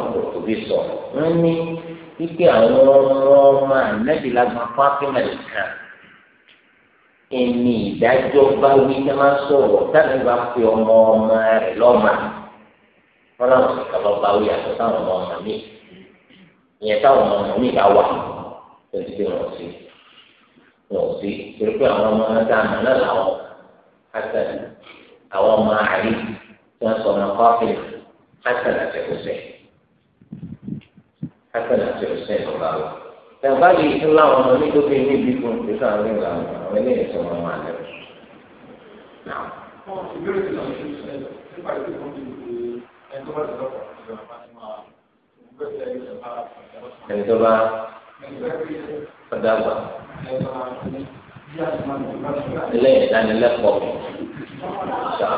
tí wípé àwọn ọmọ ọmọ ànábì lágbọn fáfímà nìkan ẹni ìdájọ́ bá wí ní máa sọ̀rọ̀ táwọn bá fi ọmọ ọmọ rẹ̀ lọ́mà wọn làwọn kàkà lọ bá wí àtọ́ táwọn ọmọ ọmọ mi ìyẹn táwọn ọmọ ọmọ mi bá wà tó ti fi wọn sí wọn sí torí pé àwọn ọmọ náà dáná náà làwọn hasan àwọn ọmọ àrí tí wọn sọ ọmọ kọfí hasan àti hasan àti hussein ọba o tẹ̀gbá yìí tún láwọn ọmọ nítorí ní ibi fún un nígbà wọn nígbà wọn àwọn eléyìí tó wọn wà lẹ́nu. ẹni tó bá ọ̀dà gbà eléyìí ìdánilẹ́kọ̀ọ́ ṣáà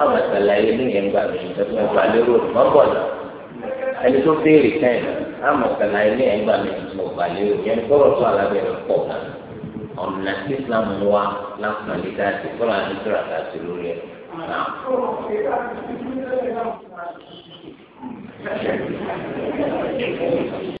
àwọn àtàlà yìí ní yẹn gbà mí ẹgbẹ́ gbà lérò mọ́ bọ̀ lọ ẹni tó béèrè kẹ́yìn àwọn àtàlà yìí ní yẹn gbà mí mọ́ gbà lérò yẹn gbọ́dọ̀ tó alábẹ́rẹ́ pọ̀ náà ọ̀nà tí islam wá láǹfààní dáàtì kọ́lá ní sọ̀rọ̀ àtàtì lórí ẹ̀